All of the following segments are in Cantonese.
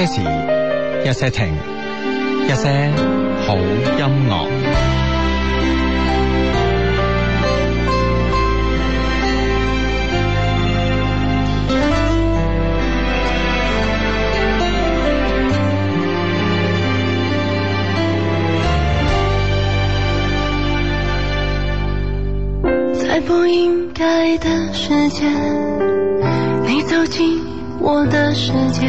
一些事，一些情，一些好音樂，在不應該的世界，你走進我的世界。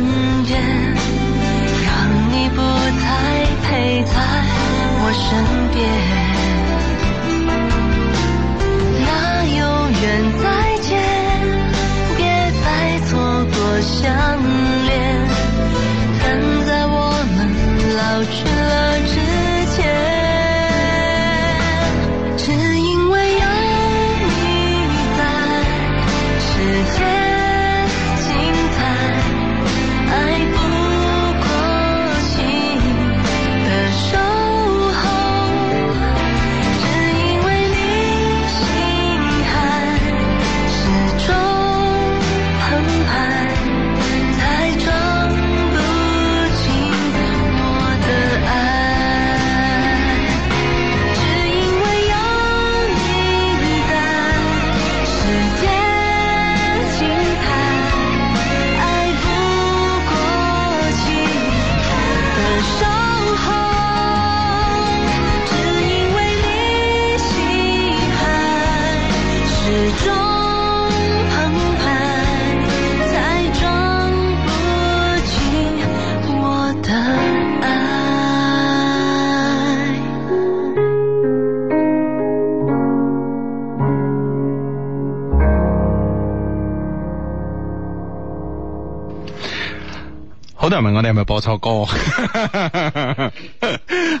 即係問我哋係咪播錯歌，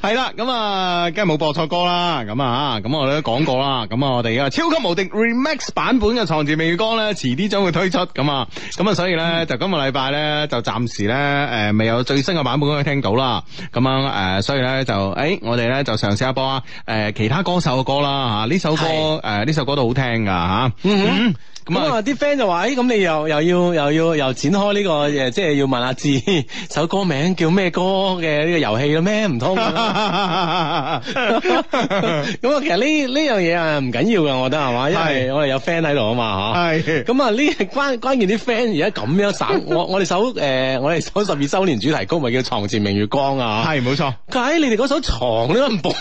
係 啦， 咁啊，梗係冇播錯歌啦，咁啊，咁我都講過啦，咁啊，我哋而家超級無敵 Remax 版本嘅《創自未歌》咧，遲啲將會推出，咁啊，咁啊，所以咧，就今個禮拜咧，就暫時咧，誒、呃，未有最新嘅版本可以聽到啦，咁樣誒，所以咧就誒、欸，我哋咧就嘗試一波啊，誒、呃，其他歌手嘅歌啦，吓、啊、呢首歌，誒是，呢、呃、首歌都好聽噶，吓、啊。 咁啊！啲 friend 就話：咦，咁你又又要又要又展開呢個誒，即係要問下字首歌名叫咩歌嘅呢個遊戲嘅咩？唔通？咁啊，其實呢呢樣嘢啊唔緊要嘅，我覺得係嘛，因為我哋有 friend 喺度啊嘛，吓。係。咁啊，呢關關鍵啲 friend 而家咁樣省我，我哋首誒，我哋首十二周年主題曲咪叫《床前明月光》啊。係，冇錯。佢喺你哋嗰首床都唔播，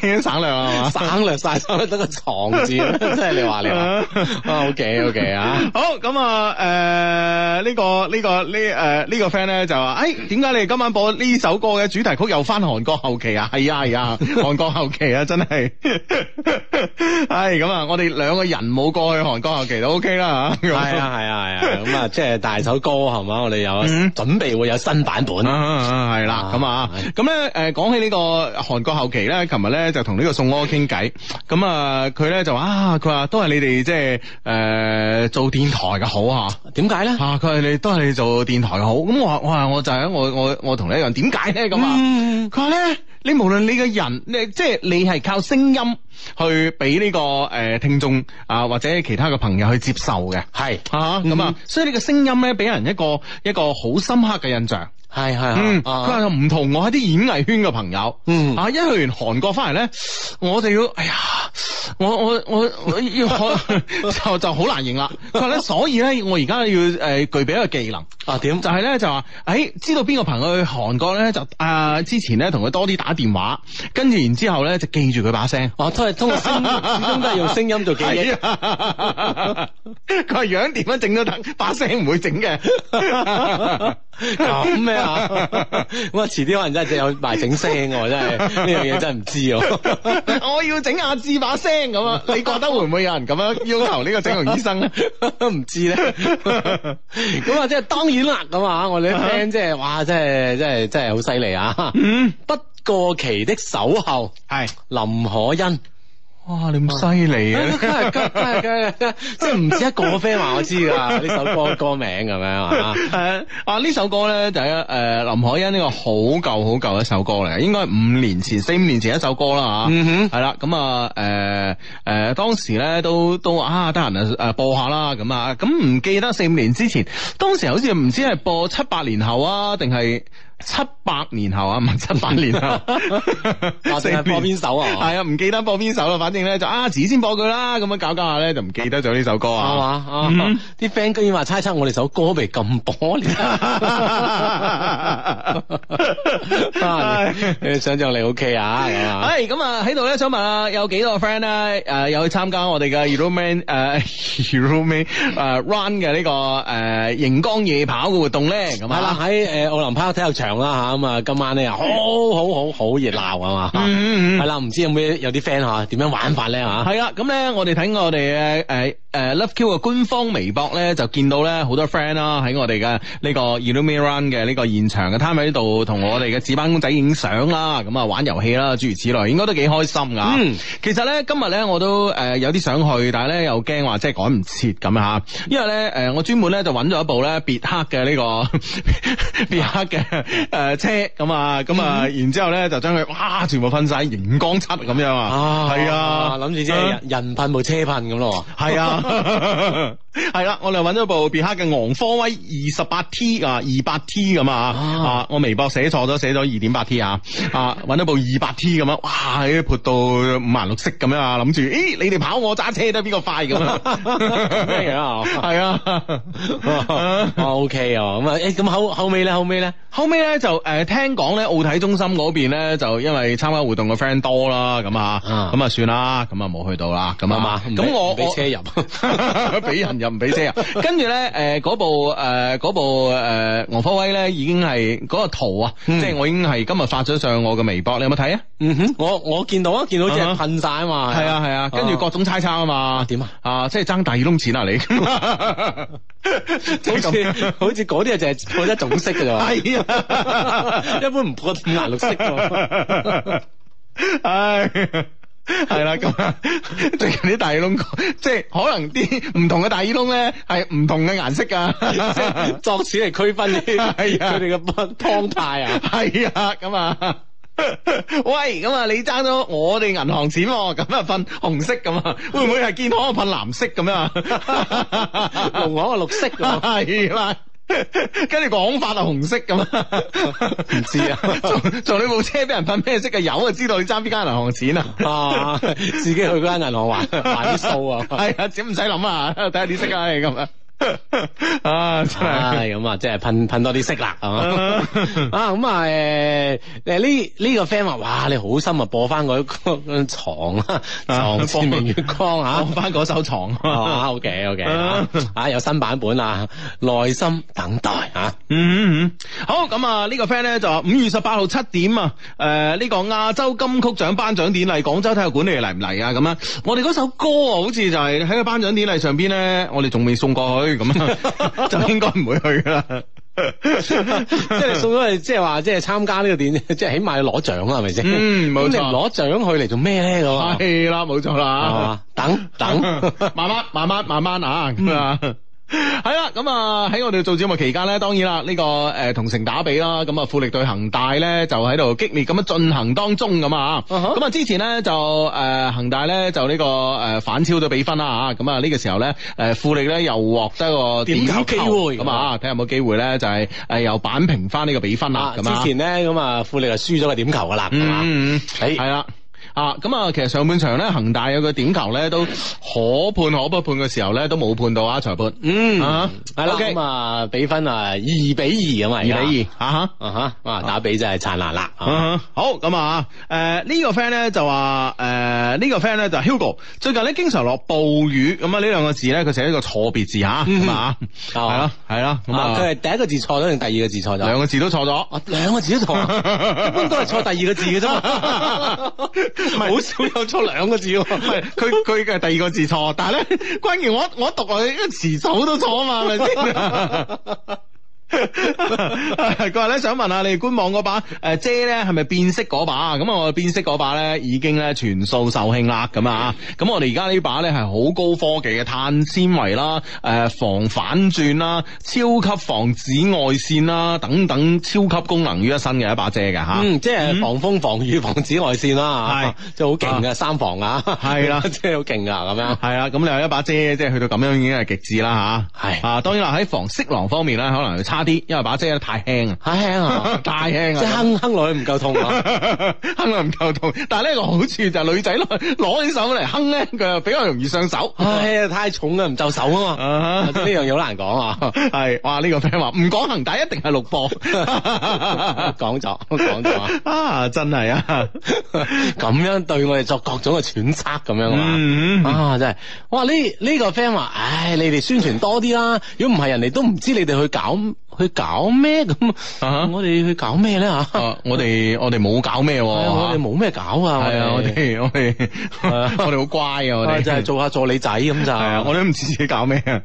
床省略啊嘛，省略晒，得個床。即係你話你話，OK OK 啊，好，咁啊，誒呢個呢個呢誒呢個 friend 咧就話，誒點解你今晚播呢首歌嘅主題曲又翻韓國後期啊？係啊係啊，韓國後期啊，真係，係咁啊，我哋兩個人冇過去韓國後期都 OK 啦吓，係啊係啊係啊，咁啊即係大首歌係嘛，我哋有準備會有新版本，係啦，咁啊，咁咧誒講起呢個韓國後期咧，琴日咧就同呢個宋柯傾偈，咁啊佢咧就話。啊！佢話都係你哋即係誒做電台嘅好吓，點解咧？吓、啊，佢係，你都係做電台嘅好。咁我話我就係我我我同你一樣，點解咧咁啊？佢話咧你無論你嘅人你即係你係靠聲音去俾呢個誒聽眾啊或者其他嘅朋友去接受嘅係吓咁啊，啊、嗯，所以呢個聲音咧俾人一個一個好深刻嘅印象。係係， 嗯，佢話唔同我喺啲演藝圈嘅朋友，嗯，啊，一去完韓國翻嚟咧，我就要，哎呀，我我我我要 就就好難認啦。佢話咧所以咧，我而家要誒具備一個技能啊點？就係咧就話，誒、哎，知道邊個朋友去韓國咧，就誒、呃、之前咧同佢多啲打電話，跟住然之後咧就記住佢把聲。哦，通係通過聲，始終都係用聲音做記憶。佢話 是、啊、 樣點樣整都得，把聲唔會整嘅。咁 咩？ 咁啊，遲啲可能真係有埋整聲喎，真係呢樣嘢真係唔知哦。我要整下志把聲咁啊，你覺得會唔會有人咁樣要求呢個整容醫生咧？唔知咧。咁啊，即係當然啦，咁啊，我哋聽即係哇，真係真係真係好犀利啊！不過期的守候係林可欣。哇！你咁犀利啊！真係真係真係即係唔止一個 friend 話我知噶呢 首歌歌名咁樣啊！係 啊，呢首歌咧就係、是、誒、呃、林海音呢個好舊好舊一首歌嚟，應該係五年前四五年前一首歌啦吓。嗯哼，係啦，咁啊誒誒、呃，當時咧都都啊得閒誒播下啦，咁啊咁唔記得四五年之前，當時好似唔知係播七八年後啊，定係。七百年後啊，唔係七百年啊！播係播邊首啊？係啊，唔記得播邊首啦。反正咧就阿紫先播佢啦。咁樣搞搞下咧就唔記得咗呢首歌啊。係嘛啲 friend 居然話猜測我哋首歌被禁播，想象力 OK 啊！係咁啊，喺度咧想問啊，有幾多個 friend 咧誒有去參加我哋嘅 Euroman 誒 Euroman 誒 Run 嘅呢個誒熒光夜跑嘅活動咧？係啦，喺誒奧林匹克體育場。啦嚇咁啊！今晚咧，好好好好熱鬧啊嘛！係、嗯、啦，唔、嗯、知有咩有啲 friend 嚇點樣玩法咧嚇？係啊、嗯！咁、嗯、咧，我哋睇我哋嘅誒誒 Love Q 嘅官方微博咧，就見到咧好多 friend 啦，喺我哋嘅呢個 Illumi Run 嘅呢個現場嘅攤位度，同我哋嘅紙板公仔影相啦，咁啊玩遊戲啦，諸如此類，應該都幾開心噶。其實咧，今日咧我都誒有啲想去，但係咧又驚話即係趕唔切咁嚇。因為咧誒，我專門咧就揾咗一部咧別克嘅呢個 別克嘅的笑。誒，車咁啊，咁啊， 然之後咧就將佢哇，全部噴晒熒光漆咁樣啊，係啊，諗住即係人人噴部車噴咁咯，係啊，係啦，我哋揾咗部別克嘅昂科威二十八 T 啊，二八 T 咁啊，啊，我微博寫錯咗，寫咗二點八 T 啊，啊，揾咗部二八 T 咁樣，哇，喺度潑到五顏六色咁樣啊，諗住，誒，你哋跑我揸車都係邊個快咁啊，咩 係啊，係啊，OK 啊，咁啊，誒，咁後後尾咧，後尾咧，後尾。咧就誒，聽講咧，奧體中心嗰邊咧就因為參加活動嘅 friend 多啦，咁啊，咁啊算啦，咁啊冇去到啦，咁啊嘛。咁我俾車入，俾人又唔俾車入。跟住咧，誒，嗰部誒，部誒，王、呃、科威咧已經係嗰、那個圖啊，嗯、即係我已經係今日發咗上我嘅微博，你有冇睇啊？嗯哼，我我見到啊，見到只噴晒啊嘛，係啊係啊，跟住各種猜測啊嘛，點啊？啊，即係爭大耳窿錢啊你。 像好似好似嗰啲嘢就係破得種色嘅咋，係 啊， 一般唔破得五顏六色。唉、 啊，係啦，咁啊，最近啲大耳窿，即、就、係、是、可能啲唔同嘅大耳窿咧，係唔同嘅顏色噶， 作此嚟區分啲佢哋嘅幫派啊，係 啊，咁啊。喂，咁啊，你爭咗我哋銀行錢，咁啊噴紅色咁啊，會唔會係建行噴藍色咁樣啊？紅 我啊綠色係啦，跟住講法啊紅色咁，唔 知啊。從你部車俾人噴咩色啊？有啊，知道你爭邊間銀行錢啊？ 啊，自己去嗰間銀行還還啲數啊。係啊、 哎，只唔使諗啊，睇下點識啊咁啊。 啊，真係咁啊，即係噴噴多啲色啦，係嘛啊，咁、呃、啊，誒誒呢呢個、這個、friend 話，哇，你好心啊，播翻嗰、那個、床床前明月光啊，啊播翻嗰首床啊，啊，OK OK，啊，啊，有新版本啊，耐心等待啊，嗯嗯，嗯好，咁啊呢個 friend 咧就五月十八號七點啊，誒、這個、呢、呃這個亞洲金曲獎頒獎典禮，廣州體育館你嚟唔嚟啊？咁啊，我哋嗰首歌啊，好似就係喺個頒獎典禮上邊咧，我哋仲未送過去。咁啊，就 應該唔會去㗎啦。 即係你送咗去，即係話，即係參加呢個電影，即係起碼要攞獎啦，係咪先？嗯，冇錯。攞獎去嚟做咩咧？咁係啦，冇錯啦。等、啊、等，等 慢慢，慢慢，慢慢啊。係啦，咁啊喺我哋做節目期間咧，當然啦，呢、呢個誒同城打比啦，咁啊富力對恒大咧就喺度激烈咁樣進行當中咁啊，咁啊、uh huh. 之前咧就誒恒大咧就呢個誒反超咗比分啦，吓咁啊呢個時候咧誒富力咧又獲得一個點球機會，咁啊睇下有冇機會咧就係誒又扳平翻呢個比分啦。咁啊之前咧咁啊富力係輸咗個點球噶啦，係嘛、嗯，係係啦。啊，咁啊，其實上半場咧，恒大有個點球咧，都可判可不判嘅時候咧，都冇判到啊，裁判。嗯，係啦，咁啊，比分啊二比二咁啊，二比二，啊哈，啊哈，啊打比真係燦爛啦。好，咁啊，誒呢個 friend 咧就話，誒呢個 friend 咧就 Hugo，最近咧經常落暴雨，咁啊呢兩個字咧佢寫一個錯別字吓，啊，係咯係咯，咁啊佢係第一個字錯咗定第二個字錯咗？兩個字都錯咗，兩個字都錯，都係錯第二個字嘅啫。好少有錯兩個字喎、啊，佢佢嘅第二個字錯， 但係咧關鍵我我讀落去個詞首都錯啊嘛，咪先。佢話咧，想問下你哋官網嗰把誒遮咧係咪變色嗰把啊？咁我變色嗰把咧已經咧全數售罄啦，咁啊，咁我哋而家呢把咧係好高科技嘅碳纖維啦，誒防反轉啦，超級防紫外線啦，等等超級功能於一身嘅一把遮嘅吓，嗯，即係防風防雨防紫外線啦，係即係好勁嘅三防啊，係啦，啊，即係好勁啊，咁樣，係啊，咁你有一把遮，即係去到咁樣已經係極致啦，吓，係啊，當然啦，喺防色狼方面咧，可能差。啲，因為把遮太輕啊，太輕啊，太輕啊，即係哼哼落去唔夠痛，啊，哼落唔夠痛。但係呢個好處就係女仔攞起手嚟哼咧，佢又比較容易上手。唉啊，太重啊，唔就手啊嘛。呢樣嘢好難講啊。係，哇呢個 friend 話唔講恒大一定係錄播，講咗，講咗，啊，真係啊，咁樣對我哋作各種嘅揣測咁樣啊，真係。哇呢呢個 friend 話，唉，你哋宣傳多啲啦，如果唔係，人哋都唔知你哋去搞。去搞咩咁？我哋去搞咩咧？吓，我哋、啊、我哋冇搞咩，我哋冇咩搞啊！係啊，我哋我哋我哋好乖啊， 啊！我哋真係做下助理仔咁就係啊，我都唔知自己搞咩啊！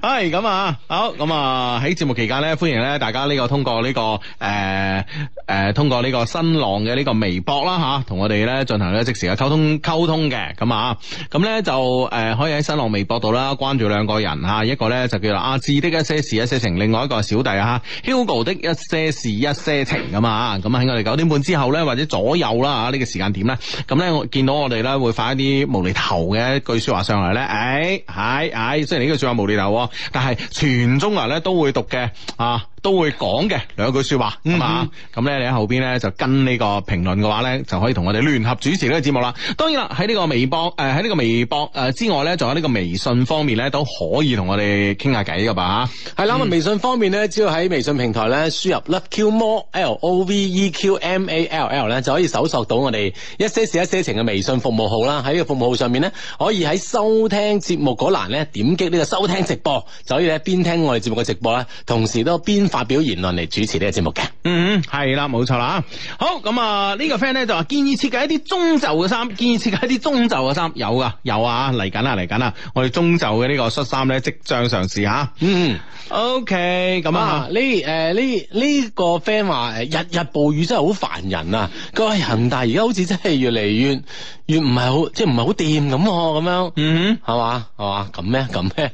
係咁 啊，好咁啊，喺節目期間咧，歡迎咧大家呢個通過呢、這個誒誒、呃、通過呢個新浪嘅呢個微博啦吓，同我哋咧進行咧即時嘅溝通溝通嘅，咁啊咁咧、啊啊、就誒可以喺新浪微博度啦，關注兩個人吓，一個咧就叫做阿志、啊、的一些事一些情，另外一個係小弟啊，Hugo 的一些事一些情咁啊，咁喺、啊、我哋九點半之後咧或者左右啦啊呢、這個時間點咧，咁咧我見到我哋咧會發一啲無厘頭嘅一句說話上嚟咧，誒誒誒，雖然、這個仲有無厘頭，但係全中文咧都會讀嘅啊！都會講嘅兩句說話，係嘛、嗯哼？咁咧、啊，你喺後邊咧就跟呢個評論嘅話咧，就可以同我哋聯合主持呢個節目啦。當然啦，喺呢個微博誒，喺、呃、呢個微博誒、呃、之外咧，仲有呢個微信方面咧，都可以同我哋傾下偈噶吧？係啦、嗯，咁、嗯、微信方面咧，只要喺微信平台咧輸入 LOVEQ more，L O V E Q M A L L 咧，就可以搜索到我哋一些事一些情嘅微信服務號啦。喺呢個服務號上面咧，可以喺收聽節目嗰欄咧點擊呢個收聽直播，就可以咧邊聽我哋節目嘅直播咧，同時都邊。發表言論嚟主持呢個節目嘅、嗯，嗯，係啦，冇錯啦，好，咁啊、這個、呢個 friend 咧就話建議設計一啲中袖嘅衫，建議設計一啲中袖嘅衫，有㗎，有啊，嚟緊啦，嚟緊啦，我哋中袖嘅呢個恤衫咧即將上市吓，嗯，OK，咁啊呢，誒呢呢個 friend 話，日日暴雨真係好煩人啊，佢話恒大而家好似真係越嚟越越唔係好，即係唔係好掂咁、啊，咁樣，嗯，係嘛，係嘛，咁咩，咁咩？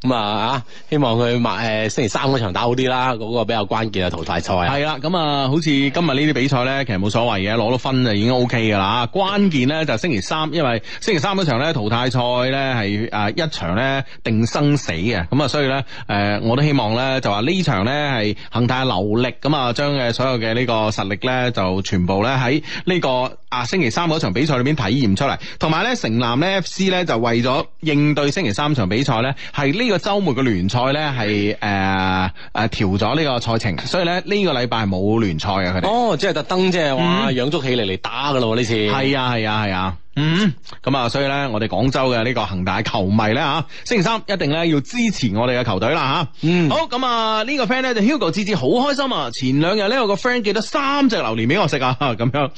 咁啊，啊、嗯，希望佢買誒、呃、星期三場打好啲啦，嗰個比較關鍵啊，淘汰賽係啦，咁啊、嗯，好似今日呢啲比賽咧，其實冇所謂嘅，攞到分啊已經 OK 噶啦。關鍵咧就是、星期三，因為星期三場咧淘汰賽咧係誒一場咧定生死嘅，咁、嗯、啊所以咧誒、呃、我都希望咧就話呢場咧係恒大流力咁啊將嘅所有嘅呢個實力咧就全部咧喺呢、這個啊星期三場比賽裏邊體驗出嚟，同埋咧城南咧 FC 咧就為咗應對星期三場比賽咧係呢。呢、呃、個周末嘅聯賽咧係誒誒調咗呢個賽程，所以咧呢個禮拜冇聯賽嘅佢哋。哦，即係特登，即係話養足起嚟嚟打噶咯呢次。係啊，係啊，係啊。啊啊嗯，咁啊，所以咧，我哋廣州嘅呢個恒大球迷咧啊，星期三一定咧要支持我哋嘅球隊啦吓。啊、嗯，好，咁啊、這個、朋友呢個 friend 咧就 Hugo 智智好開心啊！前兩日咧我個 friend 寄咗三隻榴蓮俾我食啊，咁樣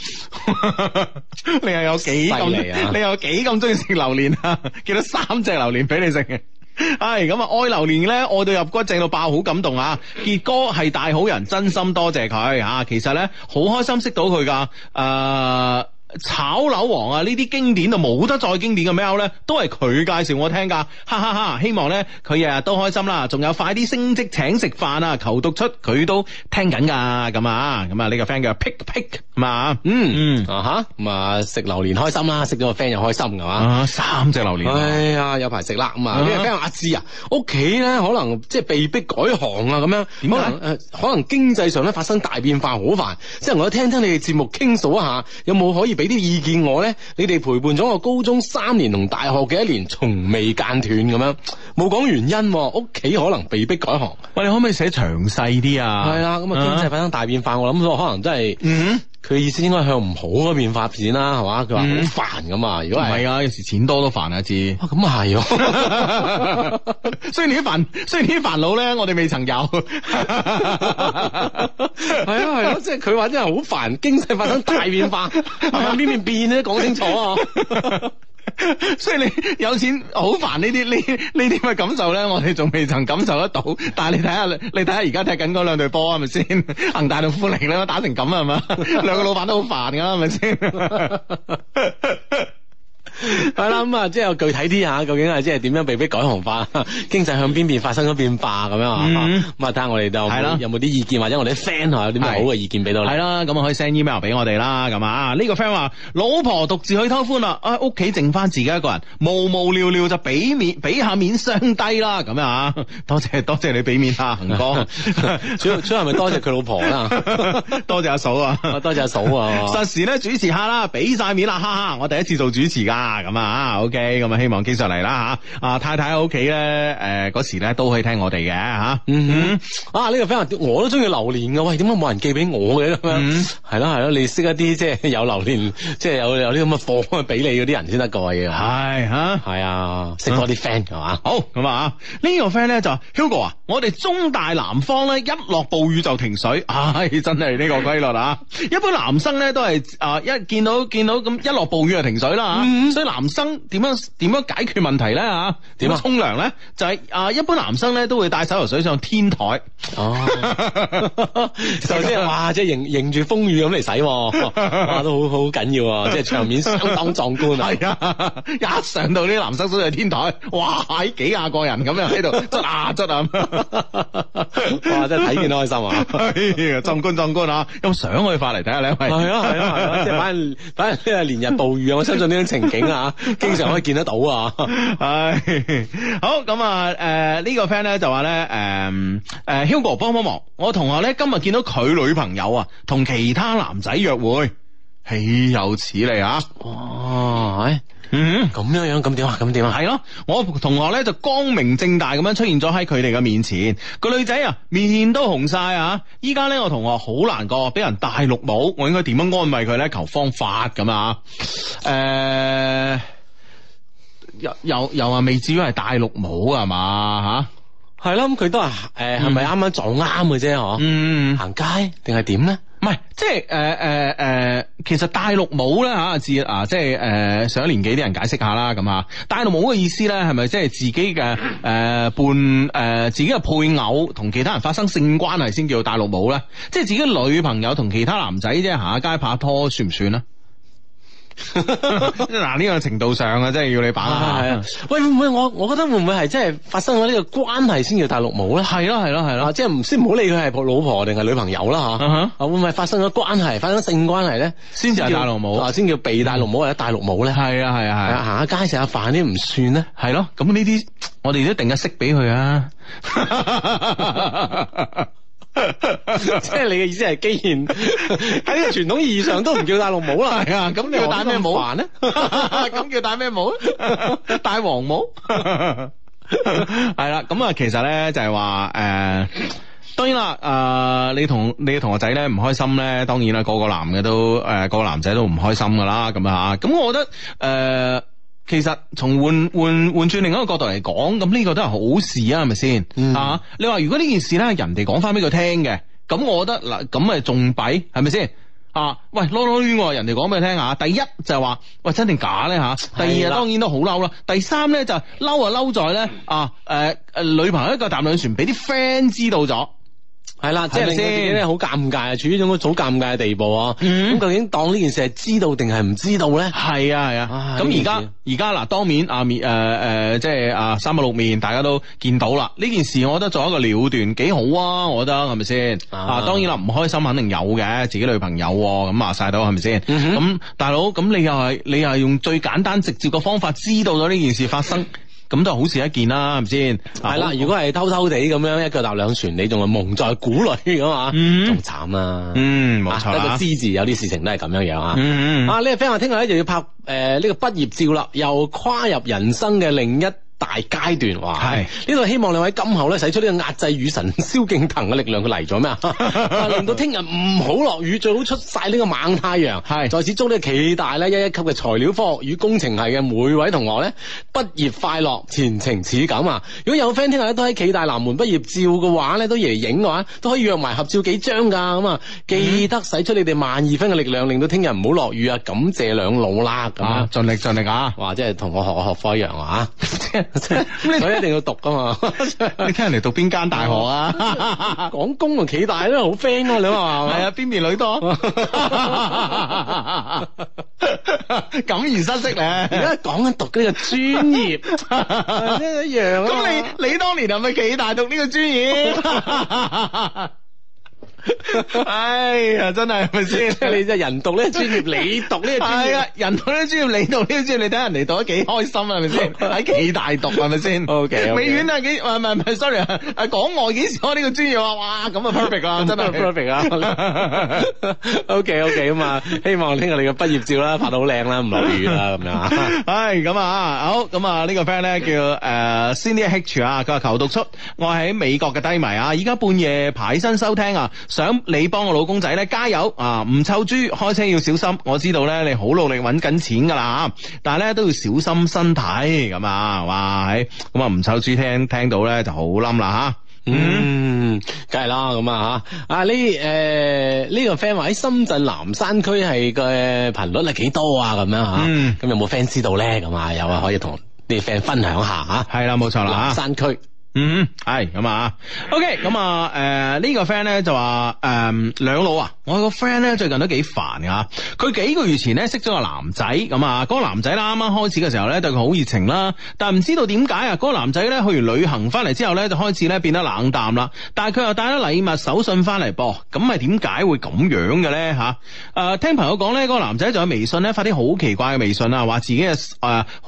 你又有幾咁你又幾咁中意食榴蓮啊？寄咗、啊、三隻榴蓮俾你食嘅。係咁啊，愛榴蓮咧，愛到入骨，正到爆，好感動啊！傑哥係大好人，真心多謝佢啊！其實咧，好開心識到佢噶。呃炒樓王啊！呢啲經典就冇得再經典嘅 mail 咧，都係佢介紹我聽噶，哈哈哈！希望咧佢日日都開心啦，仲有快啲升職請食飯啊！求讀出佢都聽緊噶咁啊！咁啊呢、啊這個 friend 叫 Pik Pik 咁啊，嗯啊吓，咁啊食榴蓮開心啦、啊，食咗個 friend 又開心噶嘛？三隻榴蓮、啊，哎呀有排食啦咁啊！呢個 friend 阿志啊，屋企咧可能即係被迫改行啊咁樣可、呃，可能誒可能經濟上咧發生大變化好煩，即、就、係、是、我聽聽你哋節目傾訴一下，有冇可以俾啲意見我咧，你哋陪伴咗我高中三年同大學嘅一年，從未間斷咁樣，冇講原因，屋企可能被逼改行。喂，你可唔可以寫詳細啲啊？係啊，咁啊，經濟發生大變化，啊、我諗到可能真係係。嗯佢意思應該向唔好嗰邊發展啦，係嘛？佢話好煩咁嘛。嗯、如果唔係啊，有時錢多都煩啊，知，咁啊係喎。啊、 雖然啲煩，雖然啲煩惱咧，我哋未曾有。係啊係啊，啊 即係佢話真係好煩，經濟發生大變化，係咪、 啊、邊邊變咧？講清楚啊！ 所以你有錢好煩呢啲呢呢啲嘅感受咧，我哋仲未曾感受得到。但係你睇下你睇下而家踢緊嗰兩隊波係咪先？恒 大到富力咧打成咁係嘛，兩 個老闆都好煩噶係咪先？是 係啦，咁啊， 即係具體啲吓，究竟係即係點樣被迫改行化，經濟向邊邊發生咗變化咁樣啊？咁、這個、啊，睇下我哋就係啦，有冇啲意見，或者我哋啲 friend 啊，有啲咩好嘅意見俾到你？係啦，咁啊，可以 send email 俾我哋啦，咁啊，呢個 friend 話老婆獨自去偷歡啦，哎，屋企剩翻自己一個人，無無聊聊就俾面俾下面雙低啦，咁樣啊？多謝多謝你俾面啊，恒哥，主要主要係咪多謝佢老婆啦？ ples mythology 多謝阿嫂啊，多謝阿嫂啊，實時咧主持下啦，俾晒面啦，ples 哈哈，我第一次做主持噶。啊咁啊，OK，咁啊希望經常嚟啦吓。啊太太喺屋企咧，誒、呃、嗰時咧都可以聽我哋嘅吓。啊、嗯哼、啊呢、這個 friend 我都中意榴蓮噶，喂，點解冇人寄俾我嘅咁樣？係咯係咯，你識一啲即係有榴蓮，即係有有啲咁嘅貨啊俾你嗰啲人先得嘅。係吓、哎，係啊，識多啲 friend 係嘛？好咁啊，呢個 friend 咧就 Hugo 啊，這個、ugo, 我哋中大南方咧一落暴雨就停水，唉、哎，真係呢個規律啊。 一般男生咧都係啊一見到見到咁一落暴雨就停水啦吓。嗯所以男生點樣點樣解決問題咧吓，點樣沖涼咧？就係啊，一般男生咧都會帶洗頭水上天台，哦首先哇，即係迎迎住風雨咁嚟洗，哇都好好緊要啊！即係場面相當壯觀啊！係啊，一上到啲男生都喺天台，哇幾幾廿個人咁樣喺度捽啊捽啊，哇真係睇見都開心啊！壯觀壯觀啊！有冇相可以發嚟睇下咧？係啊係啊，即係反正反正呢係連日暴雨啊！我相信呢種情景。啊， 經常可以見得到啊！ 唉，好咁啊，誒、這、呢個 friend 咧就話咧，誒、呃、誒、呃、，Hugo 幫幫幫幫幫幫忙，我同學咧今日見到佢女朋友啊，同其他男仔約會。豈有此理啊！哇、哦，欸、嗯，咁樣樣，咁點啊？咁點啊？係咯，我同學咧就光明正大咁樣出現咗喺佢哋嘅面前，個女仔啊面都紅晒啊！依家咧我同學好難過，俾人戴綠帽，我應該點樣安慰佢咧？求方法咁啊！誒、欸，又又又話未至於係戴綠帽啊嘛？吓，係咯，咁佢都係誒，係咪啱啱撞啱嘅啫？嗬，嗯，行街定係點咧？唔係，即係誒誒誒，其實大陸冇咧嚇，知啊？即係誒、呃、上一年紀啲人解釋下啦，咁啊，大陸冇嘅意思咧係咪即係自己嘅誒、呃、伴誒、呃、自己嘅配偶同其他人發生性關係先叫大陸冇咧？即係自己女朋友同其他男仔即啫，行下街拍拖算唔算咧？嗱 呢個程度上啊，真係要你把握。喂，會唔會我我覺得會唔會係真係發生咗呢個關係先叫大陸帽咧？係咯係咯係咯，即係先唔好理佢係老婆定係女朋友啦吓。Uh huh. 會唔會發生咗關係，發生性關係咧，先至係大陸帽啊？先叫被大陸帽或者大陸帽咧？係啊係啊係啊，行下街食下飯啲唔算咧？係咯，咁呢啲我哋都定個色俾佢啊。即係 你嘅意思係，既然喺呢個傳統意義上都唔叫大陸帽啦，咁 你要戴咩帽咧？咁 叫戴咩帽？大 黃王帽？係 啦， 咁、嗯、啊，其實咧就係話誒，當然啦，誒、呃，你同你嘅同學仔咧唔開心咧，當然啦，個個男嘅都誒，呃、個男仔都唔開心噶啦，咁啊，咁、嗯嗯嗯、我覺得誒。呃其實從換換換轉另一個角度嚟講，咁呢個都係好事啊，係咪先啊？你話如果呢件事咧，人哋講翻俾佢聽嘅，咁我覺得嗱，咁咪仲弊，係咪先啊？喂，囉囉攣喎，人哋講俾你聽下、啊，第一就係、是、話，喂真定假咧吓、啊？第二的當然都好嬲啦，第三咧就嬲啊嬲在咧啊，誒、呃、誒，女朋友一個搭兩船，俾啲 friend 知道咗。係啦，即係令到自己好尷尬，處於一種好尷尬嘅地步啊！咁、mm hmm. 究竟當呢件事係知道定係唔知道咧？係啊係啊！咁而家而家嗱，當面阿面誒誒，即係阿三八六面，大家都見到啦。呢件事我覺得做一個了斷幾好啊！我覺得係咪先？啊，啊，當然啦，唔開心肯定有嘅，自己女朋友咁話晒到係咪先？咁、mm hmm. 大佬，咁你又係你又係用最簡單直接嘅方法知道咗呢件事發生。 咁都好事一件啦、啊，係咪先？係啦了，好如果係偷偷地咁樣 一腳踏兩船，你仲係蒙在鼓裏咁啊，仲慘啦！嗯，冇、啊嗯、錯啦、啊。啊、一個之字，有啲事情都係咁樣樣啊。嗯嗯,嗯嗯。啊，呢個 friend 話聽日咧就要拍誒呢、呃呢個畢業照啦，又跨入人生嘅另一。大階段哇！係呢度希望兩位今後咧使出呢個壓制雨神蕭敬騰嘅力量，佢嚟咗咩啊？令到聽日唔好落雨，最好出晒呢個猛太陽。係是在此祝呢個暨大咧一,一級嘅材料科學與工程系嘅每位同學咧畢業快樂，前程似錦啊！如果有 friend 聽日咧都喺暨大南門畢業照嘅話咧，都嚟影嘅話，都可以約埋合照幾張㗎咁啊！記得使出你哋萬二分嘅力量，令到聽日唔好落雨啊！感謝兩老啦，咁啊，盡力盡力啊！哇！即係同我學我學科一樣啊！ 所以 一定要讀噶嘛！ 你聽人嚟讀邊間大學啊？廣 工同暨大咧好 friend 啊，你話係咪啊？邊邊女多？咁而失色咧？而家講緊讀呢個專業，一一樣咁你你當年係咪暨大讀呢個專業？ 哎呀，真係咪先？你即係人讀呢個專業，你讀呢個專業啊！ 人讀呢個專業，你讀呢個專業，你睇人嚟讀得幾開心啊！係咪先，係幾大讀係咪先？OK，美院啊幾唔係唔係？Sorry，係港外幾時開呢個專業啊？哇，咁啊 perfect 啊，真係 perfect 啊了 ！OK OK 咁、嗯、啊希望聽日你嘅畢業照啦，拍到好靚啦，唔落雨啦，咁樣。唉、 哎，咁啊，好咁啊，這個、呢個 friend 咧叫誒 Cindy Hatcher 啊，佢、uh, 話、er, 求讀出，我喺美國嘅低迷啊，而家半夜排身收聽啊。想你幫我老公仔咧加油啊！吳臭豬開車要小心，我知道咧你好努力揾緊錢噶啦，但係咧都要小心身體，咁啊，哇，咁啊，吳臭豬聽聽到咧就好冧啦嚇，嗯，梗係啦，咁啊嚇啊，呢誒呢個 friend 話喺，欸、深圳南山區係嘅頻率係幾多啊咁樣嚇、啊、咁、嗯啊、有冇 friend 知道咧咁啊，有啊可以同啲 friend 分享下嚇，係啦冇錯啦嚇，南山區。.嗯，係咁啊，OK，咁啊，誒、呃、呢、這個 friend 咧就話誒兩老啊，我個 friend 咧最近都幾煩啊。佢幾個月前咧識咗個男仔，咁啊，嗰、那個男仔啦啱啱開始嘅時候咧對佢好熱情啦，但唔知道點解啊，嗰、那個男仔咧去完旅行翻嚟之後咧就開始咧變得冷淡啦，但係佢又帶咗禮物手信翻嚟噃，咁係點解會咁樣嘅咧吓？誒、啊，聽朋友講咧，嗰、那個男仔仲有微信咧發啲好奇怪嘅微信啊，話自己嘅好、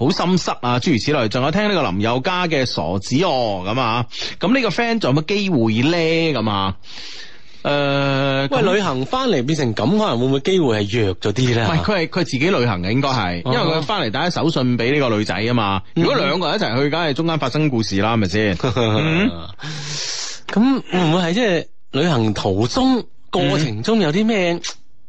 呃、心塞啊，諸如此類，仲有聽呢個林宥嘉嘅傻子哦。咁啊，咁呢個 friend 仲有乜機會咧？咁、呃、啊，誒，喂，旅行翻嚟變成咁，可能會唔會機會係弱咗啲咧？喂，佢係佢自己旅行嘅，應該係，啊、因為佢翻嚟帶手信俾呢個女仔啊嘛。如果兩個人一齊去，梗係中間發生故事啦，係咪先？咁會唔會係即係旅行途中過程中有啲咩？嗯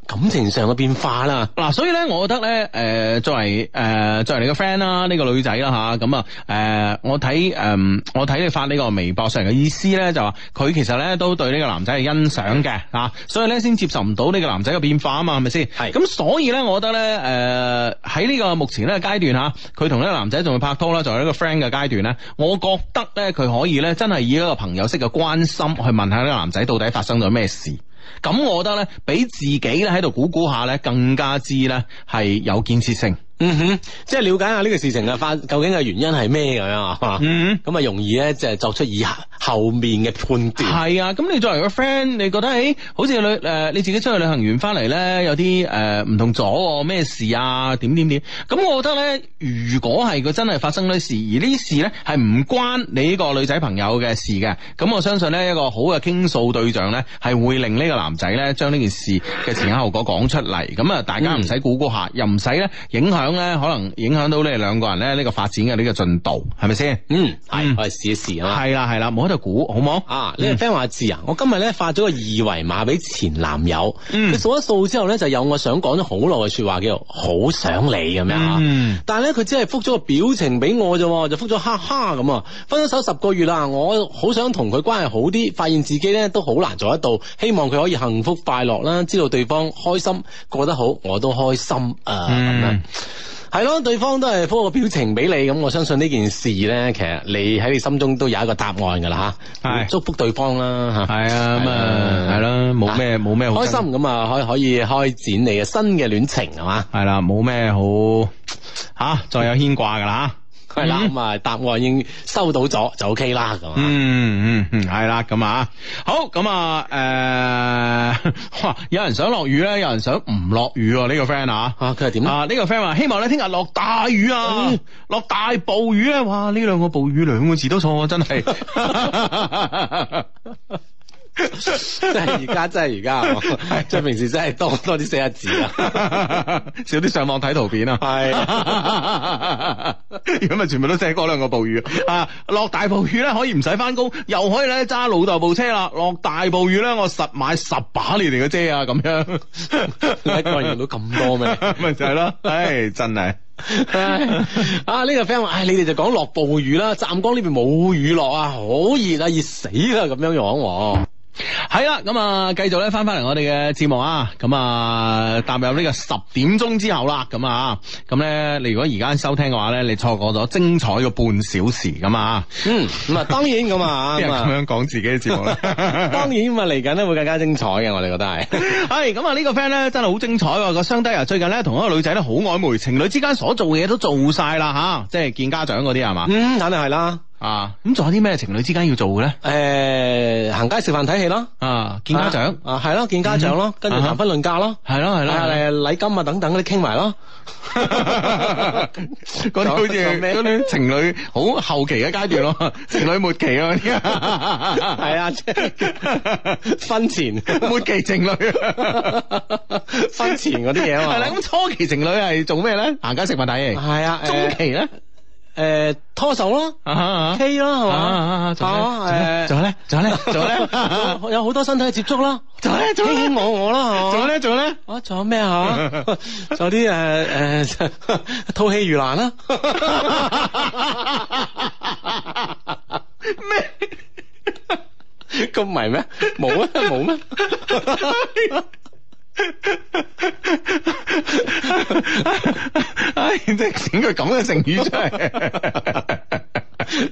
感情上嘅變化啦，嗱、啊，所以咧，我覺得咧，誒、呃，作為誒、呃，作為你個 friend 啦，呢、這個女仔啦吓，咁啊，誒、呃，我睇誒、呃，我睇你發呢個微博上嘅意思咧、就是，就話佢其實咧都對呢個男仔係欣賞嘅，啊，所以咧先接受唔到呢個男仔嘅變化啊嘛，係咪先？係是，咁、啊、所以咧、呃，我覺得咧，誒，喺呢個目前呢個階段吓，佢同呢個男仔仲拍拖啦，作為一個 friend 嘅階段咧，我覺得咧佢可以咧，真係以一個朋友式嘅關心去問下呢個男仔到底發生咗咩事。咁，我覺得咧，俾自己咧喺度估估下咧，更加之咧係有建設性。嗯哼，即係了解下呢個事情嘅發究竟嘅原因係咩咁樣啊？嗯哼，咁啊容易咧，即係作出以下後面嘅判斷。係啊，咁你作為一個 friend，你覺得誒、欸，好似旅誒，你自己出去旅行完翻嚟咧，有啲誒唔同咗咩事啊？點點點？咁我覺得咧，如果係佢真係發生呢事，而事呢事咧係唔關你呢個女仔朋友嘅事嘅，咁我相信咧一個好嘅傾訴對象咧，係會令呢個男仔咧將呢件事嘅前因後果講出嚟，咁啊大家唔使估估下，又唔使咧影響。咧，可能影響到你哋兩個人咧呢個發展嘅呢個進度，係咪先？嗯，係，我哋試一試啦，啊。係啦，係啦，冇喺度估，好冇啊？你聽我字啊！我今日咧發咗個二維碼俾前男友，佢掃、嗯、一掃之後咧，就有我想講咗好耐嘅說話，叫做好想你咁樣啊。嗯、但係咧，佢只係覆咗個表情俾我啫，就覆咗哈哈咁啊。分咗手十個月啦，我想好想同佢關係好啲，發現自己咧都好難做得到。希望佢可以幸福快樂啦，知道對方開心過得好，我都開心啊咁樣。呃嗯係咯，對方都係覆個表情俾你，咁我相信呢件事咧，其實你喺你心中都有一個答案噶啦吓，是祝福對方啦吓，係啊，咁啊係咯，冇咩冇咩好開心咁啊，可可以開展你嘅新嘅戀情係嘛，係啦，冇咩、啊、好吓，再、啊、有牽掛噶啦係啦，咁啊、嗯，答案已經收到咗就 OK 啦，咁啊、嗯，嗯嗯嗯，係啦，咁啊，好，咁啊，誒、呃，哇，有人想落雨咧，有人想唔落雨呢個 friend 啊，這個、啊，佢係點咧？啊，呢啊、呢個 friend 話、啊、希望咧聽日落大雨啊，落、嗯、大暴雨咧，哇，呢兩個暴雨兩個字都錯啊，真係。 即係而家，真係而家，即係 平時，真係多多啲寫字啊， 少啲上網睇圖片啊。係咁啊，全部都寫嗰兩個暴雨啊，啊。落大暴雨咧，可以唔使翻工，又可以咧揸老豆部車啦。落大暴雨咧，我實買十把你哋嘅遮啊，咁樣一個人用到咁多咩？ 咪就係咯，唉，真係、 哎、啊。呢、這個 friend 話，唉、哎，你哋就講落暴雨啦。湛江呢邊冇雨落啊，好熱啊，熱死啦，咁樣樣。係啦，咁啊，繼續咧翻翻嚟我哋嘅節目啊，咁、嗯、啊，踏入呢個十點鐘之後啦，咁啊，咁咧，你如果而家收聽嘅話咧，你錯過咗精彩嘅半小時咁啊。嗯，咁啊，當然咁啊，咁啊，咁樣講自己嘅節目咧， 當然啊，嚟緊咧會更加精彩嘅，我哋覺得係。係咁啊，嗯，這個、呢個 friend 咧真係好精彩個相弟啊！最近咧同一個女仔咧好曖昧，情侶之間所做嘅嘢都做晒啦吓，即係見家長嗰啲係嘛？嗯，肯定係啦。.啊！咁仲有啲咩情侶之間要做嘅咧？誒，行街食飯睇戲咯，啊，見家長啊，係咯，見家長咯，跟住行婚論嫁咯，係咯，係啦，禮金啊等等嗰啲傾埋咯。嗰啲好似嗰啲情侶好後期嘅階段咯，情侶末期啊，啲係啊，即婚前末期情侶，婚前嗰啲嘢啊嘛。咁初期情侶係做咩咧？行街食飯睇戲。係啊，中期咧？誒、嗯，拖手咯，K 咯，係嘛？仲有咧，仲有咧，仲有咧，有好多身體接觸啦，仲有咧，親我我啦，仲有咧，仲有咧，啊，仲吧、啊、有咩吓？仲、啊、有啲誒誒，吐氣、啊啊、如蘭啦、啊。咩？咁唔係咩？冇咩？冇咩？哈哈哈哈即係整句咁嘅成語出嚟，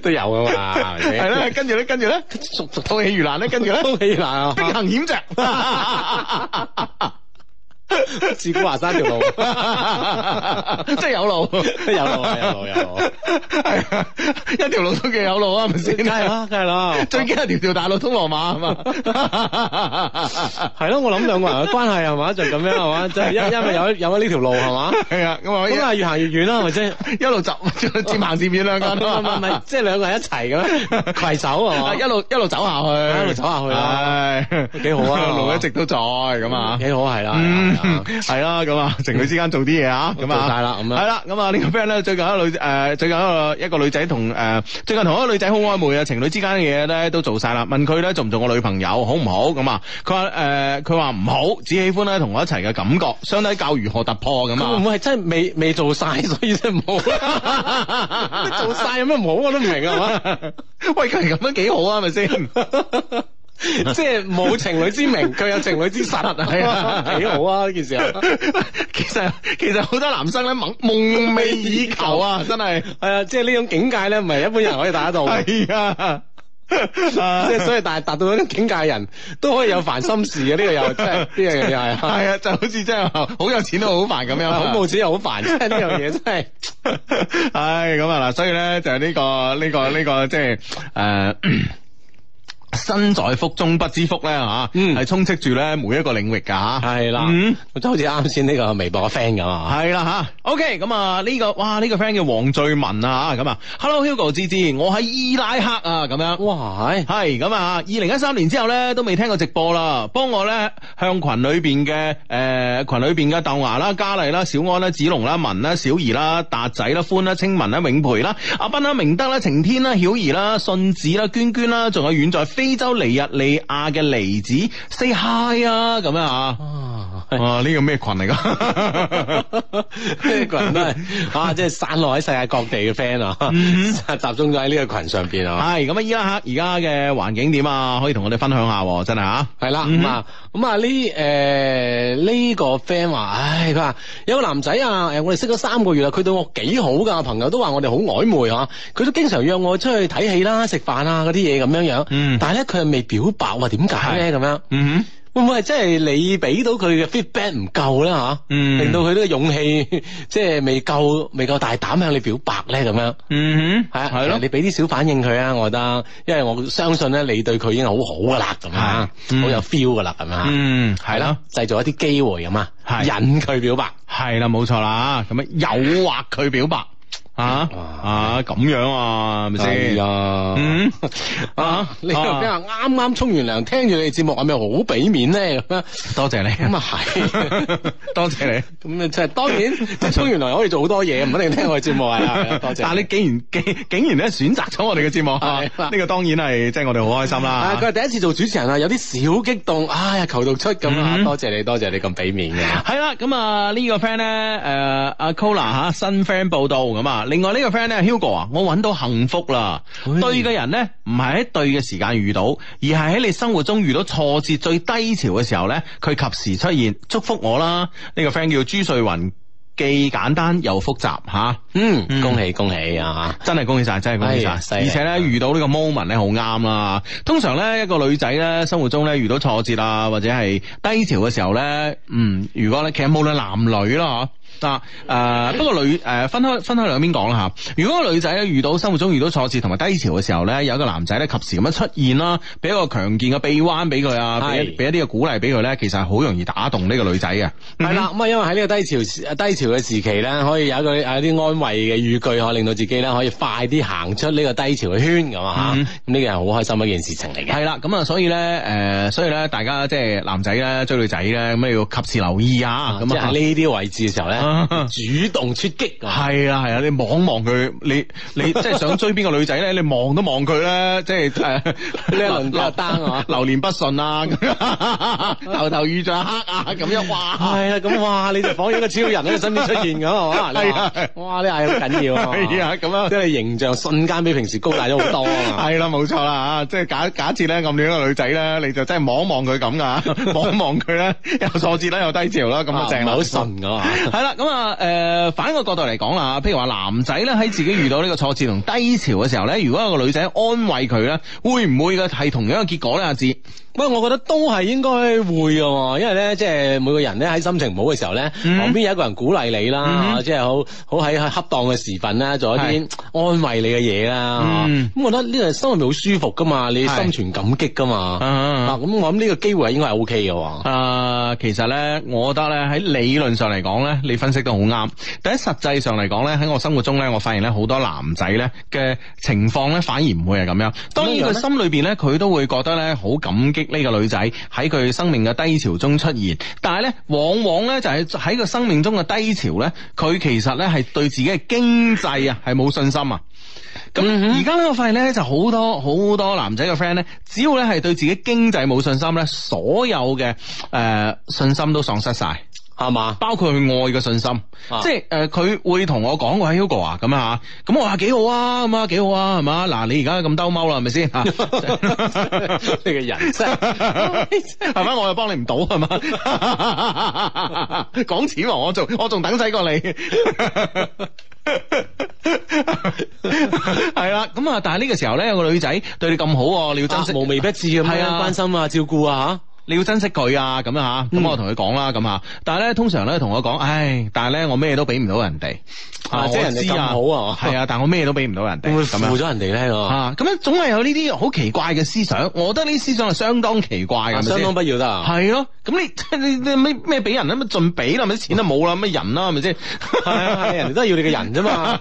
都有噶嘛？係啦， 跟住咧，跟住咧，俗熟通氣如蘭咧，跟住咧，通氣如蘭， 必行險着。 自古華山一條路，即係有路，有路，有路，有路，一條路都叫有路啊，係咪先？梗係啦，梗係啦，最驚係條條大路通羅馬啊嘛，係咯，我諗兩個人嘅關係係嘛就咁樣係嘛，就因因為有有呢條路係嘛，係啊，咁啊，因為越行越遠啦，係咪先？一路走，漸行漸遠兩間，唔係唔係，即係兩個人一齊嘅咩？攜手係嘛，一路一路走下去，一路走下去，唉，幾好啊，路一直都在咁啊，幾好係啦。嗯，係 啦，咁啊，情侶之間做啲嘢啊，咁啊，做曬啦，咁啊，係啦，咁啊，呢個 friend 咧最近一女誒，最近一個、呃、近一個女仔同誒、呃，最近同一個女仔好曖昧啊，情侶之間嘅嘢咧都做晒啦，問佢咧做唔做我女朋友，好唔好？咁啊，佢話誒，佢話唔好，只喜歡咧同我一齊嘅感覺，相睇教如何突破咁啊。會唔會係真係未未做晒？所以先唔好， 好。做晒有咩唔好我都唔明啊！ 喂，咁樣幾好啊？咪先。 即係冇情侶之名，佢有情侶之實啊！係啊，幾好啊呢件事。其實其實好多男生咧夢夢寐以求啊，真係係啊！即係呢種境界咧，唔係一般人可以達到嘅。係啊，即係所以達達到呢種境界人都可以有煩心事嘅。呢個又真係呢樣嘢又係。係啊，就好似真係好有錢都好煩咁樣，好冇錢又好煩。即係呢樣嘢真係。唉，咁啊嗱，所以咧就係呢個呢個呢個即係誒。身在福中不知福咧、啊、嚇，係充斥住咧每一個領域㗎嚇、啊。係啦、嗯，嗯、就好似啱先呢個微博嘅 friend 咁啊。係啦嚇。OK，咁啊呢個哇呢、這個 friend 叫黃俊文啊嚇咁啊，Hello Hugo 志志，我喺伊拉克啊咁樣。嗯嗯、哇係係咁啊！二零一三年之後咧都未聽過直播啦。幫我咧向群裏邊嘅誒群裏邊嘅豆芽啦、嘉麗啦、小安啦、子龍啦、文啦、小怡啦、達仔啦、歡啦、青文啦、永培啦、阿斌啦、明德啦、晴天啦、曉怡啦、信子啦、娟娟啦，仲有遠在非洲尼日利亞嘅離子 say hi 啊，咁樣啊。哇！呢個咩群嚟噶？呢個群都係 啊，即係散落喺世界各地嘅 friend、mm hmm. 啊，集中咗喺呢個群上邊啊。係咁啊，依家而家嘅環境點啊？可以同我哋分享下，真係啊。係啦了，咁、mm hmm. 啊，咁啊呢誒呢個 friend 話，唉，佢話有個男仔啊，誒，我哋識咗三個月啦，佢對我幾好噶，朋友都話我哋好曖昧啊，佢都經常約我出去睇戲啦、食飯啊嗰啲嘢咁樣樣。Mm hmm. 但係咧，佢係未表白，點解咧？咁、mm hmm. 樣。嗯。會唔會係即係你俾到佢嘅 feedback 唔夠咧吓？嗯，令到佢呢個勇氣即係未夠未夠大膽向你表白咧咁樣。嗯哼，係咯、啊啊啊，你俾啲小反應佢啊，我覺得，因為我相信咧你對佢已經好好噶啦咁啊，好有 feel 噶啦咁啊。嗯，係啦，製造一啲機會咁啊，引佢表白。係啦，冇錯啦，咁啊，誘惑佢表白。啊啊咁樣啊，咪先嗯啊你又講話啱啱沖完涼，聽住你哋節目，係咪好俾面咧？多謝你咁啊係，多謝你咁即係當然，沖完涼可以做好多嘢，唔一定聽我哋節目係多謝。但係你竟然竟竟然咧選擇咗我哋嘅節目，呢個當然係即係我哋好開心啦。佢係第一次做主持人啊，有啲小激動，哎呀求到出咁啊！多謝你，多謝你咁俾面嘅。係啦，咁啊呢個 friend 咧誒阿 Cola 吓新 friend 報道咁啊。另外呢個 friend 咧，Hugo 啊，我揾到幸福啦！唉對嘅人咧，唔係喺對嘅時間遇到，而係喺你生活中遇到挫折最低潮嘅時候咧，佢及時出現，祝福我啦！呢、呢個 friend 叫朱瑞雲，既簡單又複雜吓。嗯，嗯恭喜恭喜啊！真係恭喜晒，真係恭喜晒！是而且咧，遇到呢個 moment 咧，好啱啦。通常咧，一個女仔咧，生活中咧遇到挫折啊，或者係低潮嘅時候咧，嗯，如果咧其實冇論男女啦，嗱，誒、啊呃、不過女誒、呃、分開分開兩邊講啦嚇。如果個女仔遇到生活中遇到挫折同埋低潮嘅時候咧，有一個男仔咧，及時咁樣出現啦，俾一個強健嘅臂彎俾佢啊，俾是一啲嘅鼓勵俾佢咧，其實係好容易打動呢個女仔嘅。係啦，咁啊，因為喺呢個低潮低潮嘅時期咧，可以有一個有啲安慰嘅語句，可以令到自己咧可以快啲行出呢個低潮嘅圈咁啊嚇。咁呢個係好開心一件事情嚟嘅。係啦，咁啊，所以咧誒、呃，所以咧，大家即係男仔咧追女仔咧，咁要及時留意啊。即啊，呢啲位置嘅時候咧。主動出擊，係啊係啊，你望望佢，你你即係想追邊個女仔咧？你望都望佢啦，即係呢一輪單啊，流年不順啊，頭頭遇着黑啊，咁樣哇係啊，咁哇，你就仿一個超人喺佢身邊出現咁係嘛？哇，呢下好緊要啊！係啊，咁樣即係形象瞬間比平時高大咗好多啊！係啦，冇錯啦吓，即係假假設咧暗戀一個女仔咧，你就真係望望佢咁噶，望望佢咧又挫折啦又低潮啦，咁啊正啊，好順噶係啦。咁啊，誒、嗯呃，反個角度嚟講啦，譬如話男仔咧喺自己遇到呢個挫折同低潮嘅時候咧，如果有個女仔安慰佢咧，會唔會嘅係同樣嘅結果咧？阿志。不過我覺得都係應該會㗎，因為咧，即係每個人咧喺心情唔好嘅時候咧，旁邊、嗯、有一個人鼓勵你啦，嗯、即係好好喺恰當嘅時分咧，做一啲安慰你嘅嘢啦。咁、嗯、我覺得呢個心裏面好舒服噶嘛，你心存感激噶嘛。嗱是，咁、啊啊、我諗呢個機會應該係 O K 嘅。啊、呃，其實咧，我覺得咧，喺理論上嚟講咧，你分析得好啱。但喺實際上嚟講咧，喺我生活中咧，我發現咧好多男仔咧嘅情況咧，反而唔會係咁樣。當然，佢心裏邊咧，佢都會覺得咧，好感激。呢個女仔喺佢生命嘅低潮中出現，但係呢往往呢就係喺佢生命中嘅低潮呢。佢其實呢係對自己嘅經濟啊係冇信心啊。咁而家呢個發現呢，就好多好多男仔嘅 friend 呢，只要呢係對自己經濟冇信心呢，所有嘅誒、呃、信心都喪失晒。係嘛在內心？包括佢愛嘅信心，即係誒，佢、呃、會同我講，我話 Hugo 啊，咁啊咁我話幾好啊，咁啊幾好啊，係嘛？嗱，你而家咁兜踎啦，係咪先？你嘅人係咪？我又幫你唔到，係嘛？講錢我做，我仲等仔過你。係啦，咁啊，但係呢個時候咧，有個女仔對你咁好，你要珍惜，啊，無微不至咁啊，啊啊關心啊，照顧啊，吓。你要珍惜佢啊，咁樣吓，咁我同佢講啦，咁啊，但係咧通常咧同我講，唉，但係咧我咩都俾唔到人哋，啊，啊即人哋咁好啊，係啊，但我咩都俾唔到人哋，會負咗人哋咧，咁樣、啊、總係有呢啲好奇怪嘅思想，我覺得呢啲思想係相當奇怪嘅，是是相當不要得、啊，係咯、啊，咁你你咩咩俾人啊，咪盡俾啦，咪啲錢都冇啦，咪人啦，係咪先？係啊， 人哋都係要你嘅人啫嘛，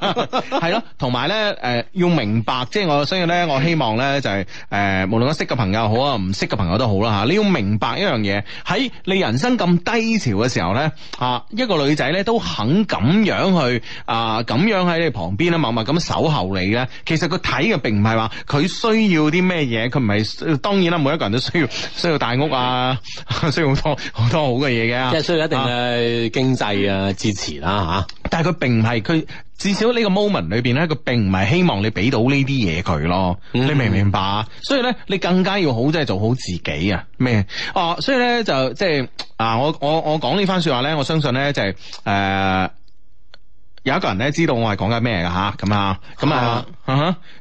係 咯、 啊，同埋咧，誒、呃，要明白，即係我所以咧，我希望咧就係，誒，無論我識嘅朋友好啊，唔識嘅朋友都好啦吓，你要明。明白一樣嘢，喺你人生咁低潮嘅時候呢，啊，一個女仔呢都肯咁樣去啊，咁樣喺你旁邊啊，默默咁守候你咧。其實佢睇嘅並唔係話佢需要啲咩嘢，佢唔係，當然啦，每一個人都需要需要大屋啊，需要好多好多好嘅嘢嘅，即係需要一定嘅經濟嘅支持啦吓。啊但係佢並唔係，佢，至少呢個 moment 裏邊咧，佢並唔係希望你俾到呢啲嘢佢咯。嗯、你明唔明白啊？所以咧，你更加要好即係、就是、做好自己啊！咩哦？所以咧就即係、就是、啊！我我我講呢番說話咧，我相信咧就係、是、誒。呃有一個人咧知道我係講緊咩嘅嚇，咁啊，咁啊，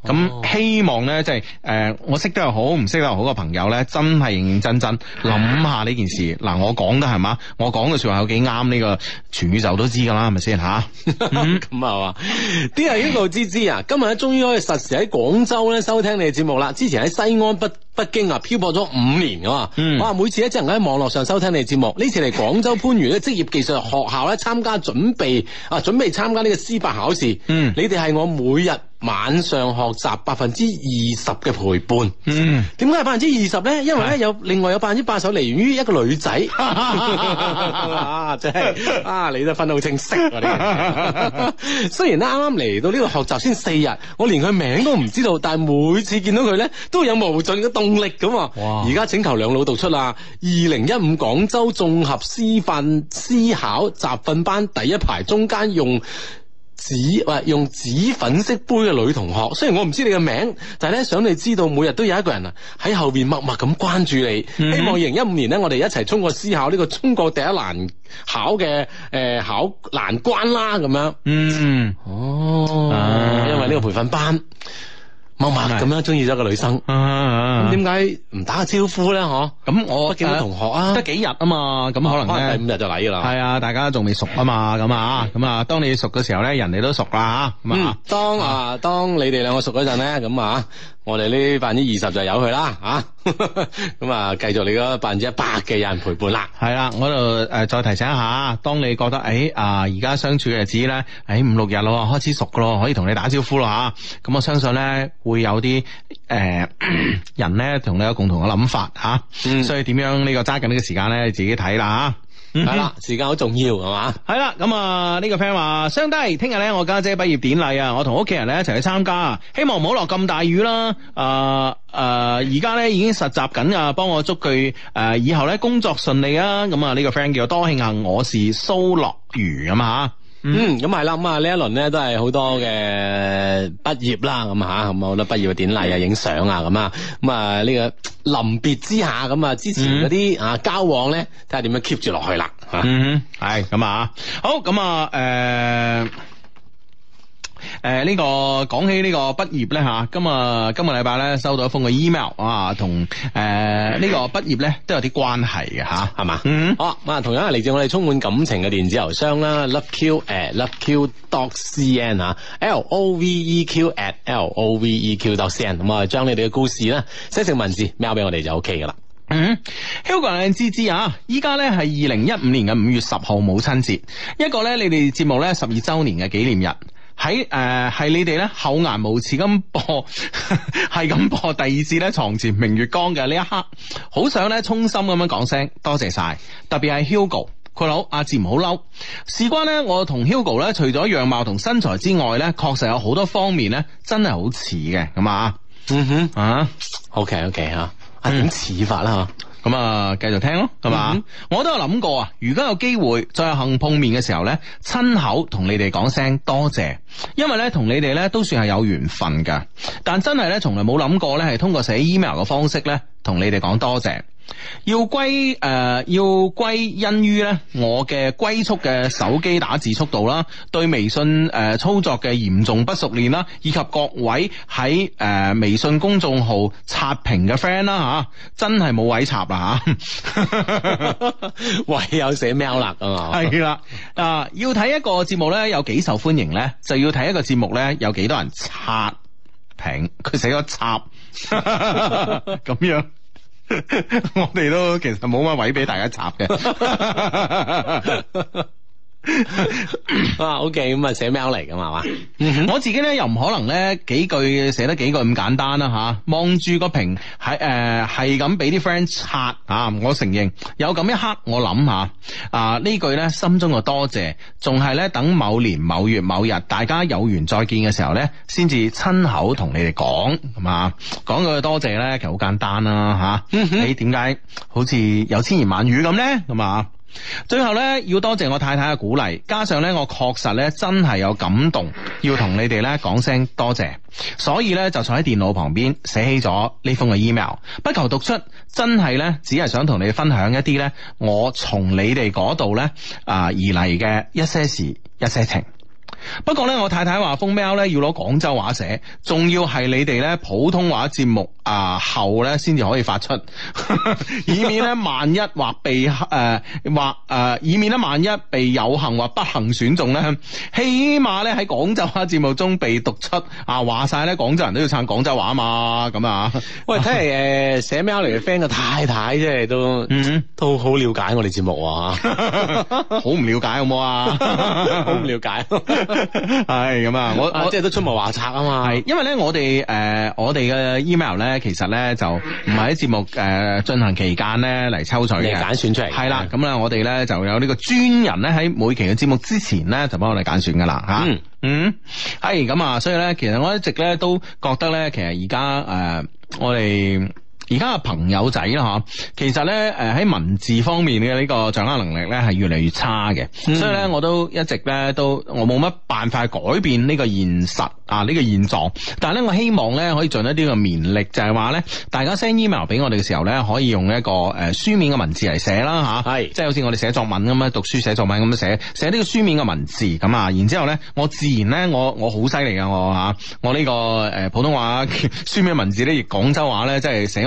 咁希望咧即係誒，我識得又好，唔識得好嘅朋友咧，真係認認真真諗下呢件事。嗱、啊，我講得係嘛？我講嘅説話有幾啱？呢個全宇宙都知㗎啦，係咪先吓？咁啊嘛，啲人一路知知啊， 今日咧終於可以實時喺廣州咧收聽你嘅節目啦。之前喺西安北、北北京啊漂泊咗五年㗎嘛，哇、嗯！每次咧只能喺網絡上收聽你嘅節目，呢次嚟廣州番禺嘅職業技術學校咧參加準備啊，準備參。參加呢個司法考試，嗯，你哋係我每日。晚上學習百分之二十嘅陪伴，嗯，點解係百分之二十呢？因為咧有是另外有百分之八十嚟源於一個女仔，啊，你都訓得好正式喎你。雖然咧啱啱嚟到呢個學習先四日，我連佢名都唔知道，但係每次見到佢呢，都有無盡嘅動力咁。哇！而家請求兩老讀出啦，二零一五廣州綜合師範思考集訓班第一排中間用。紫，喂，用紫粉色杯嘅女同學，雖然我唔知你嘅名，但係咧想你知道，每日都有一個人啊喺後邊默默咁關注你。嗯、希望二零一五年咧，我哋一齊通過思考呢個中國第一難考嘅誒、欸、考難關啦，咁樣。嗯，哦，啊、因為呢個培訓班。咁樣中意咗個女生，咁點解唔打個招呼咧？嗬，咁我北京同學啊，得、啊、幾日啊嘛，咁可、啊、可能第五日就嚟噶啦。係啊，大家仲未熟啊嘛，咁啊，咁啊，當你熟嘅時候咧，人哋都熟啦，咁啊，嗯、當啊，當你哋兩個熟嗰陣咧，咁 啊。我哋呢百分之二十就是、有佢啦，吓咁啊，繼 續你嗰百分之一百嘅有人陪伴啦。係啦，我度誒、呃、再提醒一下，當你覺得誒、欸、啊而家相處嘅日子咧，誒、欸、五六日咯，開始熟噶咯，可以同你打招呼啦，吓、啊、咁、嗯、我相信咧會有啲誒、呃、人咧同你有共同嘅諗法吓，啊嗯、所以點樣個呢個揸緊呢個時間咧，你自己睇啦吓。係 s 啦、mm，hmm. 時間好重要，係嘛？係啦，咁 啊樂，呢、嗯呢個 friend 話，兄弟，聽日咧我家姐畢業典禮啊，我同屋企人咧一齊去參加啊，希望唔好落咁大雨啦。誒、呃、誒，而家咧已經實習緊啊，幫我祝佢誒以後咧工作順利啊。咁、這、啊、個，呢個 friend 叫我多慶幸我是蘇樂瑜」啊嘛。Mm hmm. 嗯，咁係啦，咁啊呢一輪咧都係好多嘅畢業啦，咁吓，咁啊好多畢業嘅典禮啊，影相啊，咁啊，咁啊呢、啊、個臨別之下，咁啊之前嗰啲啊交往咧，睇下點、mm hmm. 樣 keep 住落去啦，吓，係咁啊，好，咁啊誒。呃誒，呢、呃這個講起呢個畢業咧吓，今啊今個禮拜咧收到一封嘅 email 啊，同誒呢個畢業咧都有啲關係嘅吓，係、啊、嘛？吧嗯，好咁啊，同樣係嚟自我哋充滿感情嘅電子郵箱啦，love q at，love q dot c n 吓、啊、，l o v e q at l o v e q dot c n，咁啊，將你哋嘅故事咧寫成文字 mail 俾我哋就 OK 噶啦。嗯，Hello，靚滋滋啊，依家咧係二零一五年嘅五月十號母親節，一個咧你哋節目咧十二周年嘅紀念日。喺誒，係、呃、你哋咧厚顏無恥咁播，係 咁播第二次咧床前明月光嘅呢一刻，好想咧衷心咁樣講聲多謝晒，特別係 Hugo，佢好，阿志唔好嬲。事關咧，我同 Hugo 咧，除咗樣貌同身材之外咧，確實有好多方面咧，真係好似嘅咁啊。嗯哼，啊，OK OK 吓、嗯，啊點似法啦吓。咁啊，繼續聽咯，係嘛？Mm hmm. 我都有諗過啊，如果有機會再有幸碰面嘅時候呢，親口同你哋講聲多謝，因為呢，同你哋呢都算係有緣分噶，但真係呢，從來冇諗過呢，係通過寫 email 嘅方式呢，同你哋講多謝。要歸誒、呃，要歸因於咧，我嘅龜速嘅手機打字速度啦，對微信誒操作嘅嚴重不熟練啦，以及各位喺誒、呃、微信公眾號刷屏嘅 friend 啦、啊、吓、啊，真係冇位插啦吓，唯有寫喵啦啊！係 啦 啊，要睇一個節目咧有幾受歡迎咧，就要睇一個節目咧有幾多人刷屏，佢寫咗「插」，咁 樣。 我哋都其實冇乜位俾大家插嘅。啊 ，OK，咁啊寫 mail 嚟噶嘛， 我自己咧又唔可能咧幾句寫得幾句咁簡單啦吓，望住個屏喺誒係咁俾啲 friend 刷啊，我承認有咁一刻我諗下啊，呢句咧心中嘅多謝，仲係咧等某年某月某日大家有緣再見嘅時候咧，先至親口同你哋講，係嘛，講句多謝咧，其實好簡單啦吓，你點解好似有千言萬語咁咧咁啊？最後咧，要多謝我太太嘅鼓勵，加上咧，我確實咧真係有感動，要同你哋咧講聲多謝，所以咧就坐喺電腦旁邊寫起咗呢封嘅 email，不求讀出，真係咧只係想同你哋分享一啲咧我從你哋嗰度咧啊而嚟嘅一些事、一些情。不過咧，我太太話封 mail 咧要攞廣州話寫，仲要係你哋咧普通話節目啊後咧先至可以發出，以免咧萬一或被誒或誒，以免咧萬一被有幸或不幸選中咧，起碼咧喺廣州話節目中被讀出啊話晒咧，廣州人都要撐廣州話啊嘛咁啊！喂，睇嚟誒寫 mail 嚟嘅 friend 嘅太太真，真係、嗯、都都好了解我哋節目啊，好唔了解好冇啊？好唔了解。係咁 啊，我我即係都出謀劃策啊嘛。係，因為咧、呃，我哋誒，我哋嘅 email 咧，其實咧就唔係喺節目誒進行期間咧嚟抽取嘅，嚟揀選出嚟。係啦，咁啦，我哋咧就有呢個專人咧喺每期嘅節目之前咧就幫我哋揀選噶啦。吓，嗯，係咁啊，所以咧，其實我一直咧都覺得咧，其實而家誒，我哋。而家啊朋友仔啦吓，其實咧誒喺文字方面嘅呢個掌握能力咧係越嚟越差嘅，嗯、所以咧我都一直咧都我冇乜辦法改變呢個現實啊呢、這個現狀，但係咧我希望咧可以盡一啲嘅綿力，就係話咧大家 send email 俾我哋嘅時候咧，可以用一個誒書面嘅文字嚟寫啦吓，係是即係好似我哋寫作文咁樣讀書寫作文咁樣寫寫呢個書面嘅文字咁啊。然之後咧，我自然咧我我好犀利啊我吓我呢、這個誒、呃、普通話書面文字咧，亦廣州話咧，即係寫。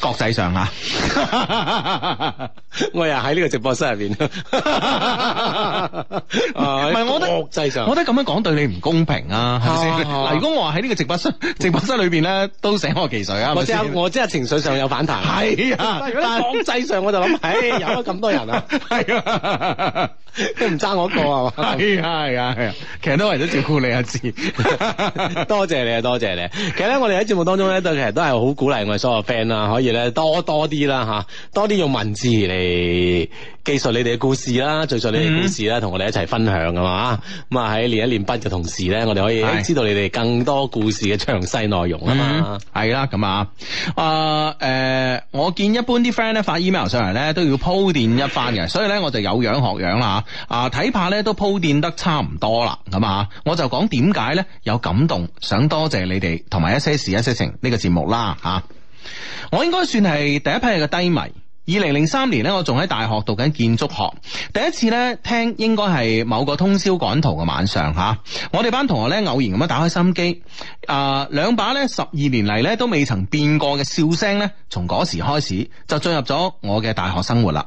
國際上啊，我又喺呢個直播室入邊。唔係，我國際上，我覺得咁樣講對你唔公平啊，係嗱，如果我話喺呢個直播室，直播室裏邊咧都捨我其誰啊，係咪先？我知係情緒上有反彈。係啊，但係國際上我就諗，唉，有咗咁多人啊，係啊，都唔爭我一個啊嘛。係啊，係啊，係啊，其實都人都照顧你一次，多謝你啊，多謝你。其實咧，我哋喺節目當中咧，都其實都係好鼓勵我哋所有 friend 啦。可以咧多多啲啦，吓多啲用文字嚟記述你哋嘅故事啦，敘述你哋嘅故事啦，同我哋一齊分享㗎嘛。咁啊喺練一練筆嘅同時咧，我哋可以知道你哋更多故事嘅詳細內容㗎嘛。係啦，咁啊，誒、呃呃，我見一般啲 friend 咧發 email 上嚟咧，都要鋪墊一番嘅，所以咧我就有樣學樣啦啊，睇怕咧都鋪墊得差唔多啦，咁啊，我就講點解咧有感動，想多謝你哋同埋一些事一些情呢個節目啦，吓、啊。我應該算係第一批嘅低迷。二零零三年呢，我仲喺大學讀緊建築學。第一次呢，聽應該係某個通宵趕圖嘅晚上吓，我哋班同學呢，偶然咁樣打開心機，誒、呃，兩把呢，十二年嚟呢，都未曾變過嘅笑聲呢，從嗰時開始就進入咗我嘅大學生活啦。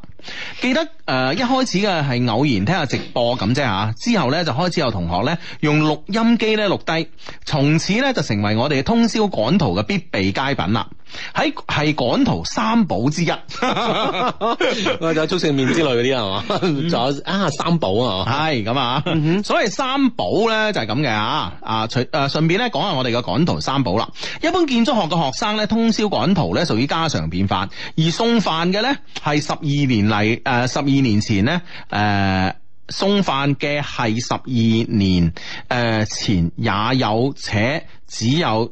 記得誒、呃，一開始嘅係偶然聽下直播咁啫吓，之後咧就開始有同學咧用錄音機咧錄低，從此咧就成為我哋通宵趕圖嘅必備佳品啦。喺係趕圖三寶之一，就係粥食麵之類嗰啲啊，係嘛？仲有啊，三寶啊，係咁啊。 所謂三寶咧就係咁嘅啊啊，除誒順便咧講下我哋嘅趕圖三寶啦。一般建築學嘅學生咧通宵趕圖咧屬於家常便飯，而送飯嘅咧係十二年。係誒，十二年前呢，誒送飯嘅係十二年誒前，呃、前也有且只有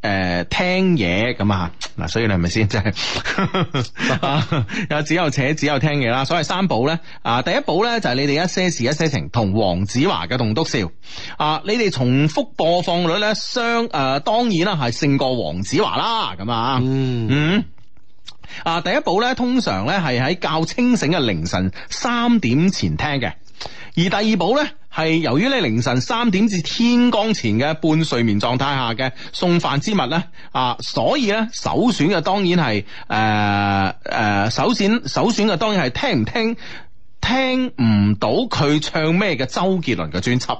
誒、呃、聽嘢咁啊！嗱，所以你係咪先，即係有只有且只有聽嘢啦？所謂三寶咧，啊，第一寶咧就係、是、你哋一些事一些情，華同黃子華嘅棟篤笑啊！你哋重複播放率咧，相誒、呃，當然啦係勝過黃子華啦，咁啊，嗯。嗯啊！第一步呢，通常呢係喺較清醒嘅凌晨三點前聽嘅，而第二步呢係由於呢凌晨三點至天光前嘅半睡眠狀態下嘅送飯之物呢，啊，所以呢首選嘅當然係誒誒首選首選嘅當然係聽唔聽，聽唔到佢唱咩嘅周杰倫嘅專輯，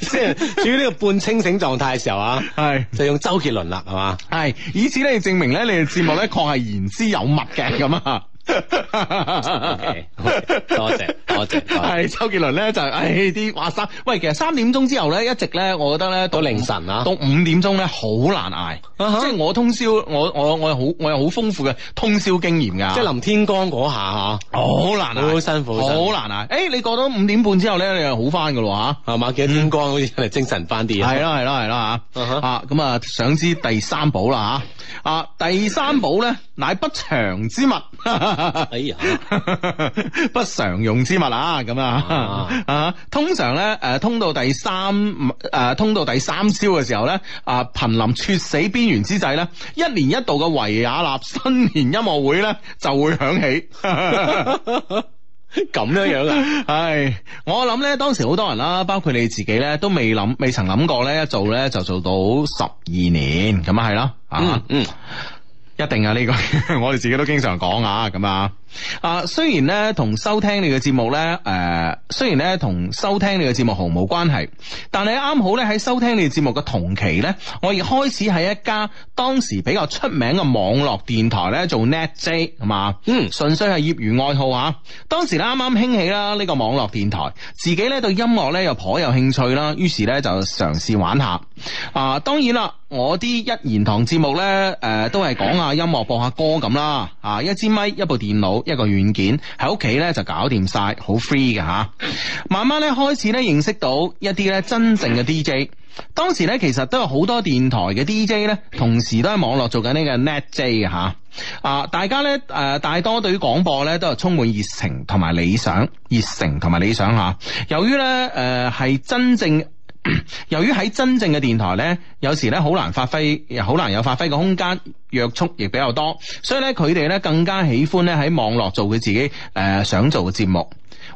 即係處於呢個半清醒狀態嘅時候啊，係 就用周杰倫啦，係嘛 吧，係以此嚟證明咧你哋節目咧確係言之有物嘅咁啊。 多謝多謝，係周杰倫咧就係誒啲話三，喂其實三點鐘之後咧，一直咧我覺得咧到凌晨啊，到五點鐘咧好難捱，即係我通宵我我我有好我有好豐富嘅通宵經驗噶，即係臨天光嗰下吓，好難啊，好辛苦，好難捱，誒你過到五點半之後咧你又好翻噶啦，吓係嘛，幾天光好似真係精神翻啲，係啦係啦係啦吓，啊咁啊想知第三寶啦吓，啊第三寶咧乃不祥之物。哎呀，不常用之物啊，咁啊，啊，通常咧，誒、啊，通到第三，誒、啊，通到第三宵嘅時候咧，啊，瀕臨猝死邊緣之際咧，一年一度嘅維也納新年音樂會咧就會響起，咁樣樣啊，係、啊啊， 我諗咧，當時好多人啦、啊，包括你自己咧，都未諗，未曾諗過咧，一做咧就做到十二年，咁啊係啦，啊，嗯。嗯一定啊！呢個我哋自己都經常講啊，咁啊。啊，雖然咧同收聽你嘅節目咧，誒、呃，雖然咧同收聽你嘅節目毫無關係，但係啱好咧喺收聽你節目嘅同期呢，我亦開始喺一家當時比較出名嘅網絡電台咧做 Net J，係嘛？嗯，純粹係業餘愛好啊。當時咧啱啱興起啦，呢個網絡電台，自己咧對音樂咧又頗頗有興趣啦，於是咧就嘗試玩下。啊，當然啦，我啲一言堂節目咧，誒、呃，都係講下音樂，播下歌咁啦。啊，一支咪，咪，咪，咪，一部電腦。一個軟件喺屋企呢，就搞掂晒，好 free 嘅吓、啊。慢慢呢，開始呢認識到一啲呢，真正嘅 DJ。當時呢，其實都有好多電台嘅 DJ 呢，同時都喺網絡做緊呢個 Net J 嘅、啊、吓。啊，大家呢，誒、呃，大多對於廣播呢，都係充滿熱情同埋理想，熱情同埋理想吓、啊。由於呢誒、係、呃、真正。由於喺真正嘅電台呢，有時呢好難發揮，又好難有發揮嘅空間，約束亦比較多，所以呢，佢哋呢更加喜歡呢喺網絡做佢自己誒、呃、想做嘅節目。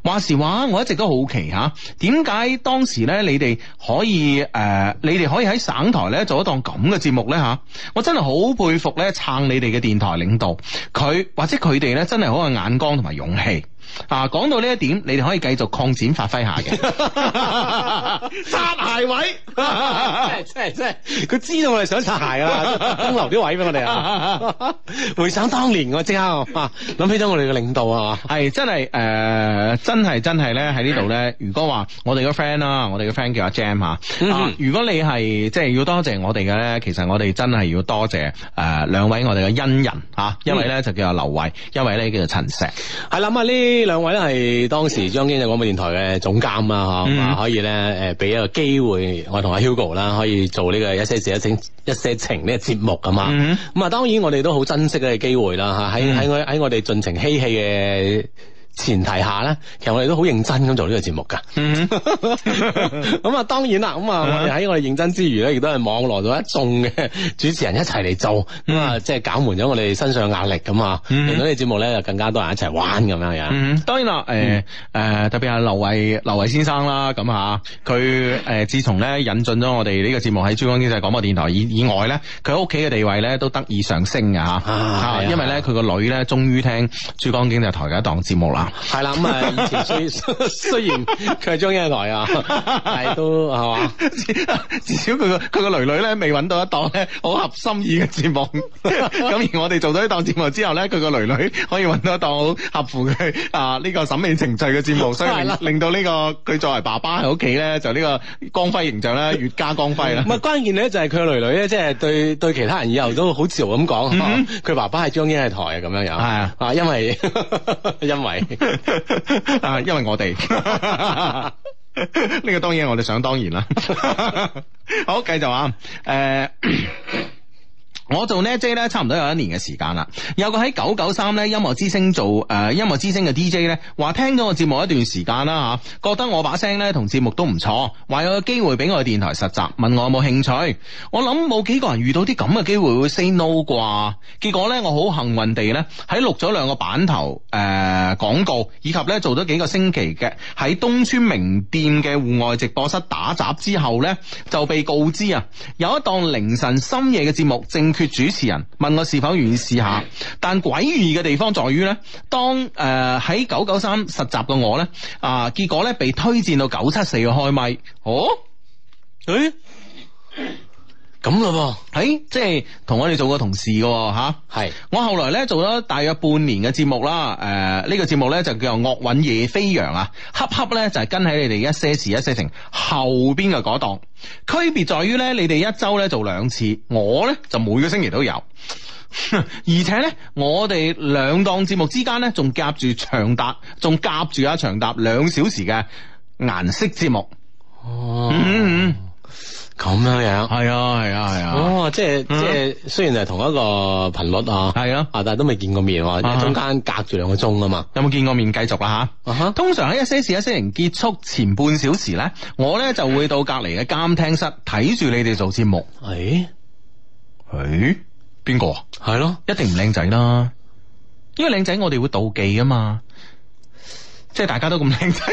話時話，我一直都好奇吓，啊、點解當時呢你哋可以誒、呃，你哋可以喺省台呢做一檔咁嘅節目呢？吓、啊？我真係好佩服呢撐你哋嘅電台領導，佢或者佢哋呢真係好有眼光同埋勇氣。啊，講到呢一點，你哋可以繼續擴展發揮下嘅擦鞋位，真係真係佢知道我哋想擦鞋啊，都留啲位俾我哋啊。回想當年我即刻諗起咗我哋嘅領導啊，係真係誒，真係真係咧喺呢度咧。如果話我哋嘅 friend 啦，我哋嘅 friend 叫阿 Jam 吓，如果你係即係要多謝我哋嘅咧，其實我哋真係要多謝誒兩位我哋嘅恩人啊，一位咧就叫做劉偉，一位咧叫做陳石，係諗下呢。呢兩位咧係當時將經濟廣播電台嘅總監啦，吓咁啊可以咧誒俾一個機會我同阿 Hugo 啦，可以做呢個一些事、一些情、一些情呢個節目啊嘛，咁啊、嗯、喲當然我哋都好珍惜呢個機會啦，吓喺喺我喺我哋盡情嬉戲嘅。前提下咧，其實我哋都好認真咁做呢個節目噶。咁啊、mm，hmm. 當然啦，咁啊我哋喺我哋認真之餘咧，mm hmm. 亦都係網羅到一眾嘅主持人一齊嚟做，咁啊、mm hmm. 即係減緩咗我哋身上壓力咁啊。令到呢個節目咧，就更加多人一齊玩咁樣樣。Mm hmm. 當然啦，誒誒、mm hmm. 呃，特別係劉偉劉偉先生啦，咁啊，佢誒自從咧引進咗我哋呢個節目喺珠江經濟廣播電台以以外咧，佢屋企嘅地位咧都得以上升嘅吓，mm hmm. 因為咧佢個女咧終於聽珠江經濟台嘅一檔節目啦。係啦，咁啊、 嗯，以前雖雖然佢係中央一台啊，係都係嘛， 吧至少佢個佢個囡囡咧未揾到一檔咧好合心意嘅節目，咁 而我哋做咗呢檔節目之後咧，佢個女女可以揾到一檔好合乎佢啊呢、這個審美情趣嘅節目， 所以令， 令到呢、這個佢作為爸爸喺屋企咧就呢個光輝形象咧越加光輝啦。唔係、 嗯、關鍵咧，就係佢個女女咧，即係對對其他人以後都好自豪咁講，佢、mm hmm. 啊、爸爸係中央一台啊咁樣樣。係啊， 因為因為。啊！因為我哋呢個當然係我哋想當然啦。好，繼續啊！誒。我做 DJ 咧，差唔多有一年嘅時間啦。有個喺九九三咧音樂之聲做誒、呃、音樂之聲嘅 DJ 咧，話聽咗我節目一段時間啦吓，覺得我把聲咧同節目都唔錯，話有個機會俾我電台實習，問我有冇興趣？我諗冇幾個人遇到啲咁嘅機會會 say no 啩。結果咧，我好幸運地咧，喺錄咗兩個版頭誒廣告，以及咧做咗幾個星期嘅喺東村名店嘅戶外直播室打雜之後咧，就被告知啊，有一檔凌晨深夜嘅節目正。缺主持人，問我是否願意試下，但詭異嘅地方在於咧，當誒喺九九三實習嘅我咧，啊、呃，結果咧被推薦到九七四嘅開咪哦，誒。咁咯喎，喺、欸、即係同我哋做過同事嘅吓，係、啊、是我後來咧做咗大約半年嘅節目啦，誒、呃這個、呢個節目咧就叫做《樂韻夜飛揚》啊，恰恰咧就係、是、跟喺你哋一些事一些情後邊嘅嗰檔，區別在於咧你哋一周咧做兩次，我咧就每個星期都有， 而且咧我哋兩檔節目之間咧仲夾住長達，仲夾住阿長達兩小時嘅顏色節目、哦嗯。嗯。咁樣樣，係啊，係啊，係啊，哦，即係即係，啊、雖然係同一個頻率啊，係啊，啊，啊但係都未見過面喎，即係中間隔住兩個鐘啊嘛。有冇見過面？繼續啊？吓。通常喺一些事一些情結束前半小時咧，我咧就會到隔籬嘅監聽室睇住你哋做節目。誒誒，邊個？係咯，一定唔靚仔啦，因為靚仔我哋會妒忌啊嘛，即係大家都咁靚仔。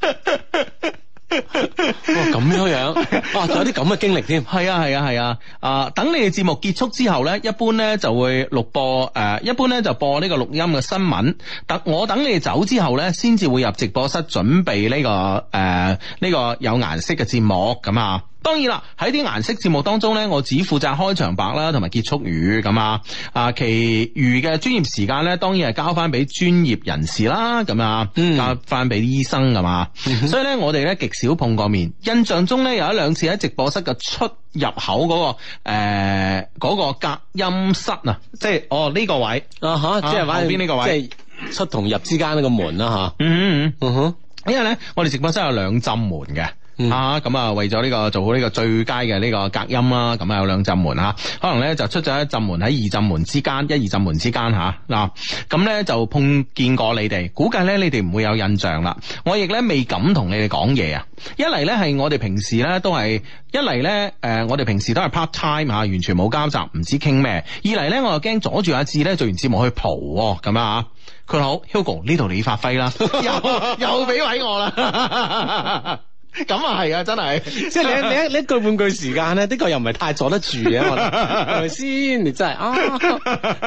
咁樣、 哦、樣，哇、哦！仲有啲咁嘅經歷添，係啊係啊係啊！啊，啊、呃，等你哋節目結束之後呢，一般呢就會錄播，誒、呃，一般呢就播呢個錄音嘅新聞。等我等你哋走之後呢，先至會入直播室準備呢、呢個誒呢、呃呢個有顏色嘅節目咁啊。當然啦，喺啲顏色節目當中咧，我只負責開場白啦，同埋結束語咁啊，啊，其餘嘅專業時間咧，當然係交翻俾專業人士啦，咁啊，交翻俾醫生係嘛，嗯、所以咧，我哋咧極少碰過面，印象中咧有一兩次喺直播室嘅出入口嗰、嗰個誒、嗯呃嗰個隔音室啊，即係哦呢個位啊吓，即係邊呢個位，個位即係出同入之間呢個門啦吓，嗯哼，因為咧我哋直播室有兩陣門嘅。啊咁、嗯、啊，為咗呢、這個做好呢個最佳嘅呢個隔音啦，咁啊有兩陣門吓，可能咧就出咗一陣門喺二陣門之間，一二陣門之間吓嗱，咁、啊、咧就碰見過你哋，估計咧你哋唔會有印象啦。我亦咧未敢同你哋講嘢啊，一嚟咧係我哋平時咧都係，一嚟咧誒我哋平時都係 part time 吓、啊，完全冇交集，唔知傾咩。二嚟咧我又驚阻住阿志咧做完節目去蒲咁啊，佢話好，Hugo 呢度你發揮啦，又又俾位我啦。 咁啊係啊，真係， 即係你，你一你一你一句半句時間咧，的確又唔係太坐得住嘅，係咪先？你真係啊，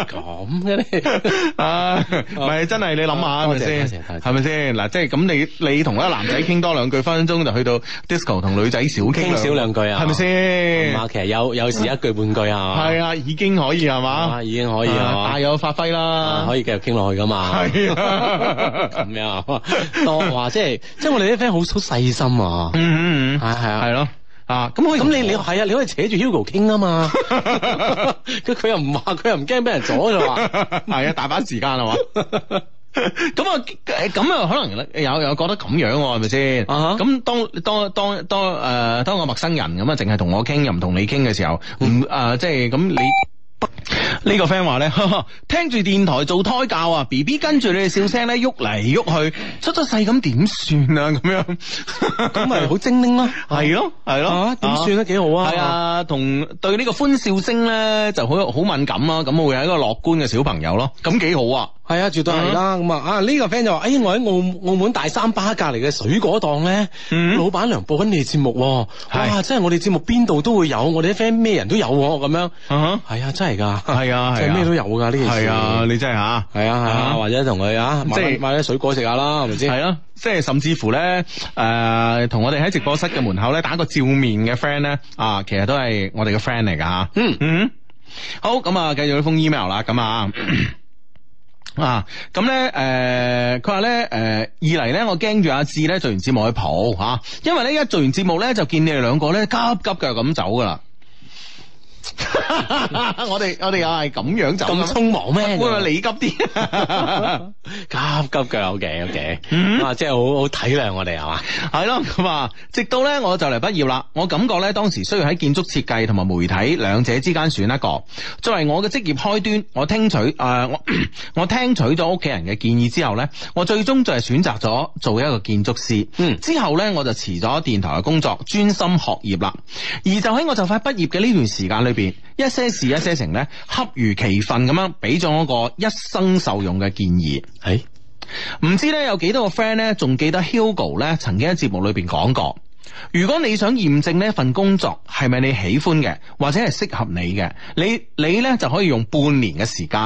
咁啊，啊，唔係、 啊、真係，你諗下係咪先？係咪先？嗱，即係咁，你你同一個男仔傾多兩句，分分鐘就去到 Disco 同女仔少傾，少兩句啊，係咪先？啊謝， 其實有有時一句半句啊，係啊，已經可以係嘛？ 已經可以 啊，大有發揮啦，可以繼續傾落去噶嘛？係 啊，咁樣當話，即係即係我哋啲 friend 好好細心啊。嗯嗯嗯，係啊係啊係咯，啊咁我咁你你係啊，你可以扯住 Hugo 傾啊嘛，佢又唔話，佢又唔驚俾人阻就話，係啊大把時間係嘛，咁啊咁啊可能有有覺得咁樣係咪先？咁當當當當誒，當個陌生人咁啊，淨係同我傾，又唔同你傾嘅時候，唔誒即係咁你。呢個 friend 話咧，聽住電台做胎教啊，B B 跟住你哋笑聲咧，喐嚟喐去，出咗世咁點算啊？咁樣咁咪好精靈咯，係咯，係咯，點算都幾好啊！係啊，同對呢個歡笑聲咧就好好敏感啊，咁會係一個樂觀嘅小朋友咯，咁幾好啊！係啊，絕對係啦，咁啊，啊呢個 friend 就話，誒，我喺澳澳門大三巴隔籬嘅水果檔咧，老闆娘播緊你節目，係，哇，真係我哋節目邊度都會有，我哋啲 friend 咩人都有，咁樣，係啊，真係噶，係啊，即係咩都有噶呢件事，係啊，你真係啊，係啊係啊，或者同佢啊，即係買啲水果食下啦，係咪先？係啊，即係甚至乎咧，誒，同我哋喺直播室嘅門口咧打個照面嘅 friend 咧，啊，其實都係我哋嘅 friend 嚟噶吓，嗯嗯，好，咁啊，繼續呢封 email 啦，咁啊。啊，咁咧，誒、呃，佢話咧，誒、呃，二嚟咧，我驚住阿志咧做完節目去蒲吓、啊，因為咧一做完節目咧，就見你哋兩個咧急急腳咁走噶啦。 我哋們 我哋又係咁樣就咁匆忙咩？不過你急啲，急急腳。O K O K，啊，即係好好體諒我哋係嘛，係咯咁啊。嗯、 直到呢，我就嚟畢業啦。我感覺呢，當時需要喺建築設計同埋媒體兩者之間選一個。作為我嘅職業開端，我聽取誒、呃、我 我聽取咗屋企人嘅建議之後呢，我最終就係選擇咗做一個建築師。嗯，mm. 之後呢，我就辭咗電台嘅工作，專心學業啦。而就喺我就快畢業嘅呢段時間裏。邊一些事一些情，咧，恰如其分咁樣俾咗我個一生受用嘅建議。係唔、哎、知咧有幾多個 friend 咧仲記得 Hugo 咧曾經喺節目裏邊講過，如果你想驗證呢份工作係咪你喜歡嘅，或者係適合你嘅，你你咧就可以用半年嘅時間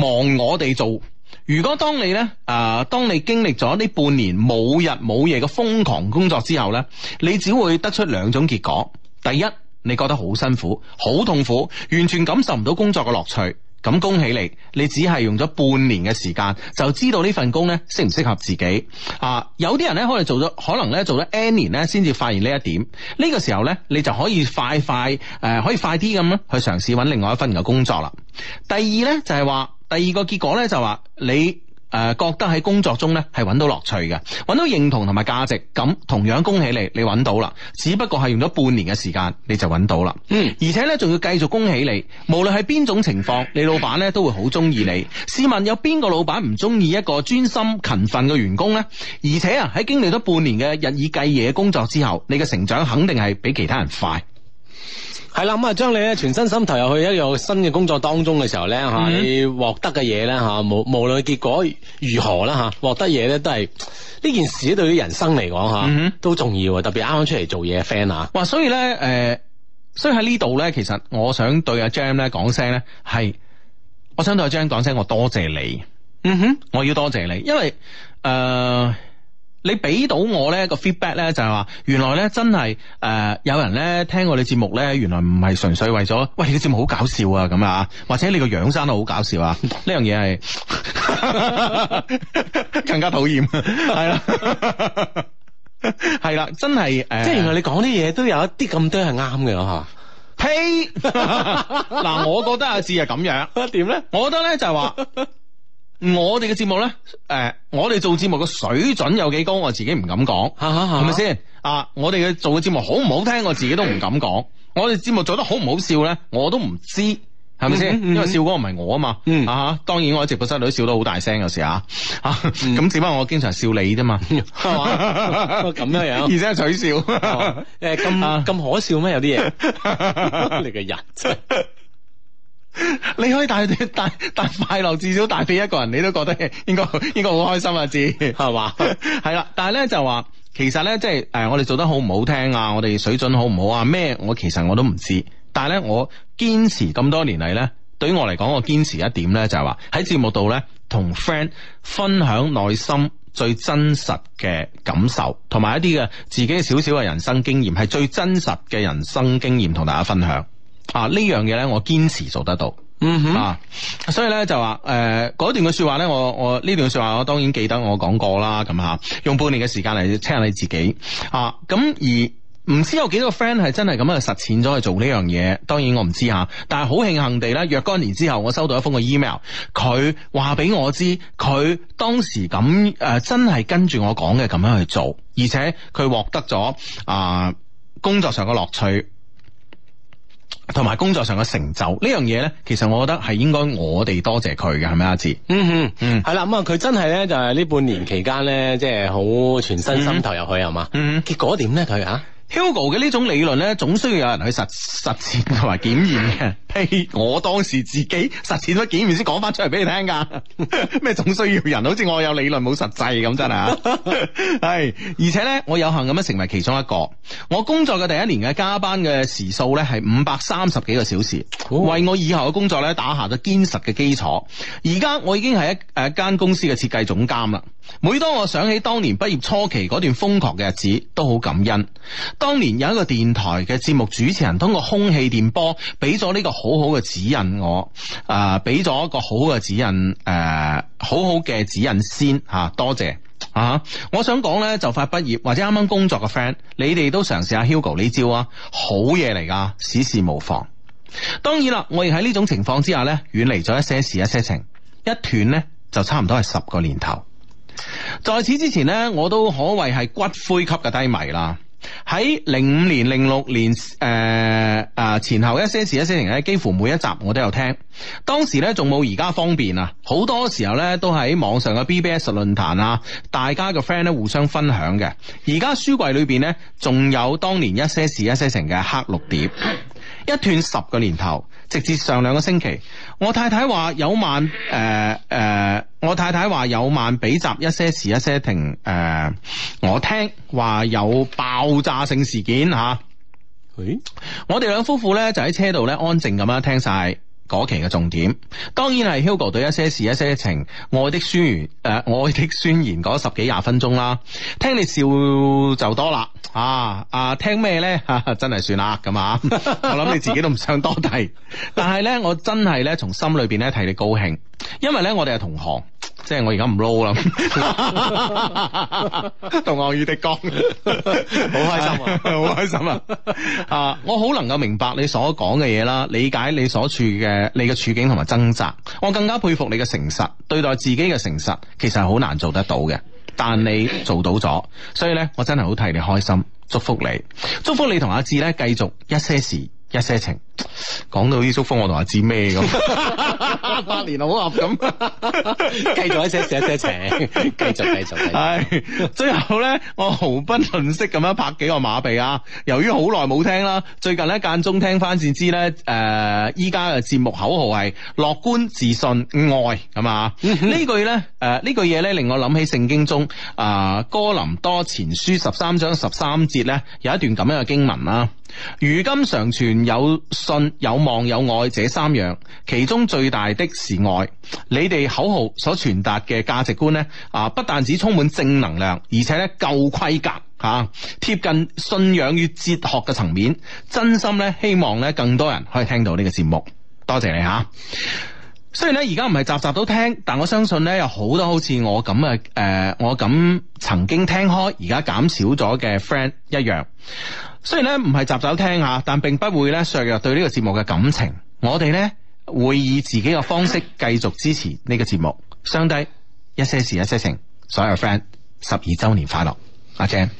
望我哋做。如果當你咧啊、呃，當你經歷咗呢半年冇日冇夜嘅瘋狂工作之後咧，你只會得出兩種結果，第一。你覺得好辛苦、好痛苦，完全感受唔到工作嘅樂趣，咁恭喜你，你只係用咗半年嘅時間，就知道呢份工呢適唔適合自己啊！有啲人呢，可能做咗，可能呢做咗 N 年呢先至發現呢一點。呢、這個時候呢，你就可以快快誒、呃，可以快啲咁樣去嘗試揾另外一份嘅工作啦。第二呢，就係、是、話，第二個結果呢，就話、是、你。誒、呃，覺得喺工作中呢係揾到樂趣嘅，揾到認同同埋價值，咁同樣恭喜你，你揾到啦。只不過係用咗半年嘅時間，你就揾到啦。嗯，而且呢，仲要繼續恭喜你，無論係邊種情況，你老闆呢都會好中意你。試問有邊個老闆唔中意一個專心勤奮嘅員工呢？而且啊，喺經歷咗半年嘅日以繼夜嘅工作之後，你嘅成長肯定係比其他人快。係啦，咁啊，將你咧全身心投入去一個新嘅工作當中嘅時候咧，吓、mm hmm. 啊、你獲得嘅嘢咧，吓、啊、無無論結果如何啦吓，獲、啊、得嘢咧都係呢件事咧，對於人生嚟講吓都重要啊！特別啱啱出嚟做嘢嘅 friend 啊！哇！所以咧，誒、呃，所以喺呢度咧，其實我想對阿 Jam 咧講聲咧，係我想對阿 Jam 講聲，我多謝你。嗯哼、mm，hmm. 我要多謝你，因為誒。呃你俾到我咧個 feedback 咧，就係話原來咧真係誒，有人咧聽我哋節目咧，原來唔係純粹為咗，喂，你個節目好搞笑啊咁啊，或者你個樣生得好搞笑啊，呢樣嘢係更加討厭，係啦，係啦，真係誒，即係原來你講啲嘢都有一啲咁多係啱嘅。吓。呸！嗱，我覺得阿智係咁樣，點咧？我覺得咧就係話。我哋嘅節目咧，誒，我哋做節目嘅水準有幾高，我自己唔敢講，係咪先？啊，我哋嘅做嘅節目好唔好聽，我自己都唔敢講。我哋節目做得好唔好笑咧，我都唔知，係咪先？因為笑嗰個唔係我啊嘛，啊哈！當然我喺直播室裡都笑得好大聲有時吓，吓，咁只不過我經常笑你啫嘛，咁樣樣，而且係取笑，誒，咁咁可笑咩？有啲嘢，你個人。 你可以帶帶帶快樂，至少帶俾一個人，你都覺得應該應該好開心啊！知係嘛？係啦 吧， 但係咧就話，其實咧即係誒，我哋做得好唔好聽啊？我哋水準好唔好啊？咩？我其實我都唔知。但係咧，我堅持咁多年嚟咧，對於我嚟講，我堅持一點咧就係話喺節目度咧，同 friend 分享內心最真實嘅感受，同埋一啲嘅自己少少嘅人生經驗，係最真實嘅人生經驗同大家分享。啊！呢樣嘢呢，我堅持做得到。嗯哼，啊、所以呢，就、呃、話，誒，嗰段嘅說話呢，我我呢段嘅說話，我當然記得我講過啦。咁吓，用半年嘅時間嚟 check 下你自己。啊，咁而唔知有幾多 friend 係真係咁樣實踐咗去做呢樣嘢。當然我唔知吓，但係好慶幸地呢，若干年之後，我收到一封個 email，佢話俾我知，佢當時咁誒、呃，真係跟住我講嘅咁樣去做，而且佢獲得咗啊、呃、工作上嘅樂趣。同埋工作上嘅成就呢樣嘢咧，其實我覺得係應該我哋多謝佢嘅，係咪阿志？嗯嗯嗯 嗯，係啦咁啊，佢真係咧就係呢半年期間咧，即係好全身心投入去係嘛，結果點咧佢吓。Hugo 嘅呢種理論呢，總需要有人去實實踐同埋檢驗嘅。呸！ 我當時自己實踐咗檢驗先講翻出嚟俾你聽噶。咩 總需要人？好似我有理論冇實際咁真啊！係 而且呢，我有幸咁樣成為其中一個。我工作嘅第一年嘅加班嘅時數呢，係五百三十幾個小時，oh. 為我以後嘅工作呢打下咗堅實嘅基礎。而家我已經係一誒間公司嘅設計總監啦。每當我想起當年畢業初期嗰段瘋狂嘅日子，都好感恩。當年有一個電台嘅節目主持人通過空氣電波，俾咗呢個好好嘅指引我。誒、呃，俾咗一個好嘅指引，誒、呃，好好嘅指引先吓、啊。多謝啊！我想講呢，就快畢業或者啱啱工作嘅 friend，你哋都嘗試下 Hugo 呢招啊，好嘢嚟噶，事事無妨。當然啦，我亦喺呢種情況之下呢，遠離咗一些事，一些情，一斷呢，就差唔多係十個年頭。在此之前呢，我都可謂係骨灰級嘅低迷啦。喺零五年、零六年，誒、呃、誒、呃、前後一些事、一些情咧，幾乎每一集我都有聽。當時呢，仲冇而家方便啊，好多時候呢，都喺網上嘅 BBS 論壇啊，大家嘅 friend 呢互相分享嘅。而家書櫃裏邊呢，仲有當年一些事、一些情嘅黑綠碟，一段十個年頭。直至上兩個星期，我太太話有晚，誒、誒，我太太話有晚比集一些事一些情，誒、呃，我聽話有爆炸性事件嚇。誒、啊、哎、我哋兩夫婦咧就喺車度咧安靜咁樣聽晒。嗰期嘅重點，當然係 Hugo 對一些事一些情愛的宣言，誒、呃、愛的宣言講咗十幾廿分鐘啦，聽你笑就多啦，啊啊聽咩呢？嚇真係算啦咁啊， 我諗你自己都唔想多提。但係呢， 我真係呢，從心裏邊呢，替你高興，因為呢，我哋係同行。即係我而家唔撈啦，同我與敵江， 好 開心啊，好開心啊！啊，我好能夠明白你所講嘅嘢啦，理解你所處嘅你嘅處境同埋掙扎。我更加佩服你嘅誠實，對待自己嘅誠實，其實係好難做得到嘅，但你做到咗，所以呢，我真係好替你開心，祝福你，祝福你同阿志呢，繼續一些事。一些情，講到啲祝福我同阿志咩咁，百年好合咁，繼續寫寫寫情，繼續繼續係 最後咧，我毫不吝嗇咁樣拍幾個馬屁啊！由於好耐冇聽啦，最近咧間中聽翻至知咧，誒、呃，依家嘅節目口號係樂觀、自信、呃、愛，係啊， 呢句呢、呃、呢句咧，誒，呢句嘢咧令我諗起聖經中啊哥林多前書十三章十三節咧有一段咁樣嘅經文啦。如今常傳有信有望有愛，這三樣，其中最大的是愛。你哋口號所傳達嘅價值觀呢，啊，不但只充滿正能量，而且咧夠規格吓，啊、貼近信仰與哲學嘅層面。真心咧，希望咧，更多人可以聽到呢個節目。多謝你吓。雖然咧而家唔係集集都聽，但我相信咧有好多好似我咁嘅，誒，我咁曾經聽開而家減少咗嘅 friend 一樣。雖然咧唔係集酒聽吓，但並不會咧削弱對呢個節目嘅感情。我哋咧會以自己嘅方式繼續支持呢個節目。相低一些事一些情，所、so、有 friend 十二周年快樂，阿、啊、鄭。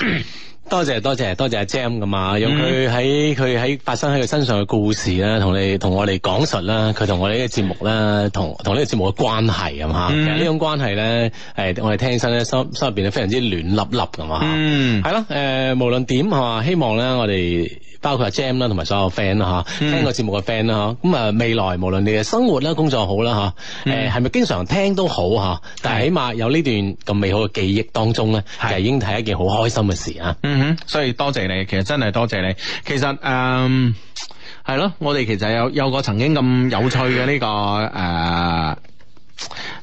多謝多謝多謝阿、啊、Jam 噶嘛、嗯，用佢喺佢喺發生喺佢身上嘅故事啦，同你同我哋講述啦，佢同我哋呢、嗯、個節目啦，同同呢個節目嘅關係係嘛，其實呢種關係咧，誒、呃，我哋聽起身咧，心心入邊咧非常之暖笠笠噶嘛，係咯、嗯，誒、呃，無論點係嘛，希望咧我哋。包括阿 Jam 啦，同埋所有 friend 啦嚇，聽個節目嘅 friend 啦，咁啊未來無論你嘅生活啦、工作好啦吓，誒係咪經常聽都好嚇、啊，但係起碼有呢段咁美好嘅記憶當中咧，係是已經係一件好開心嘅事啊！嗯哼，所以多謝你，其實真係多謝你。其實誒，係、呃、咯，我哋其實有有個曾經咁有趣嘅呢、這個誒，呢、呃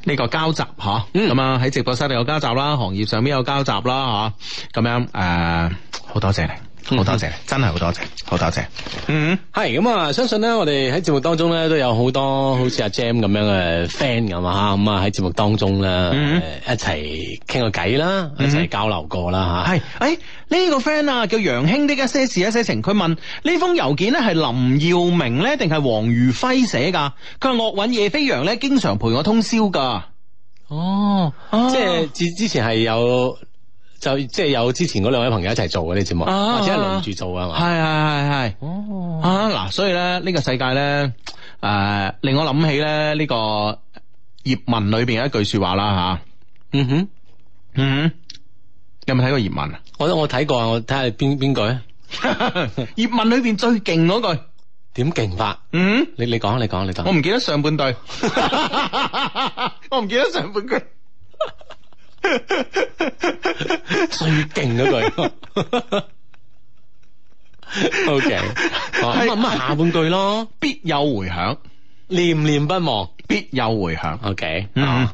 這個交集嚇，咁啊喺、嗯、直播室有交集啦，行業上面有交集啦嚇，咁、啊、樣誒好、呃、多謝你。嗯、好多謝，真係好多謝，好多謝。嗯，係咁啊，相信咧，我哋喺節目當中咧都有好多好似阿 Jam 咁樣嘅 friend 咁啊，吓咁啊喺節目當中咧，嗯、哼一齊傾個偈啦，嗯、哼一齊交流過啦吓。係、嗯哼，誒，呢、哎這個 friend 啊叫楊興，寫的一些事一些情，佢問呢封郵件咧係林耀明咧定係黃如輝寫噶？佢話樂韻夜飛揚咧經常陪我通宵噶。哦，哦即係之之前係有。就即係有之前嗰兩位朋友一齊做嗰啲節目，啊、或者係輪住做係嘛？係係係係。啊嗱，所以咧呢、這個世界咧，誒、呃、令我諗起咧呢、這個葉問裏邊有一句說話啦吓、啊嗯。嗯哼，嗯哼，有冇睇過葉問啊？我覺得我睇過啊，我睇下邊邊句。葉問裏邊最勁嗰句，點勁法？嗯，你你講，你講，你講。你我唔記， 記得上半句，我唔記得上半句。 最勁嗰句 ，OK 諗下是， 下半句咯，必有回響，念念不忘，必有回響。OK、mm hmm.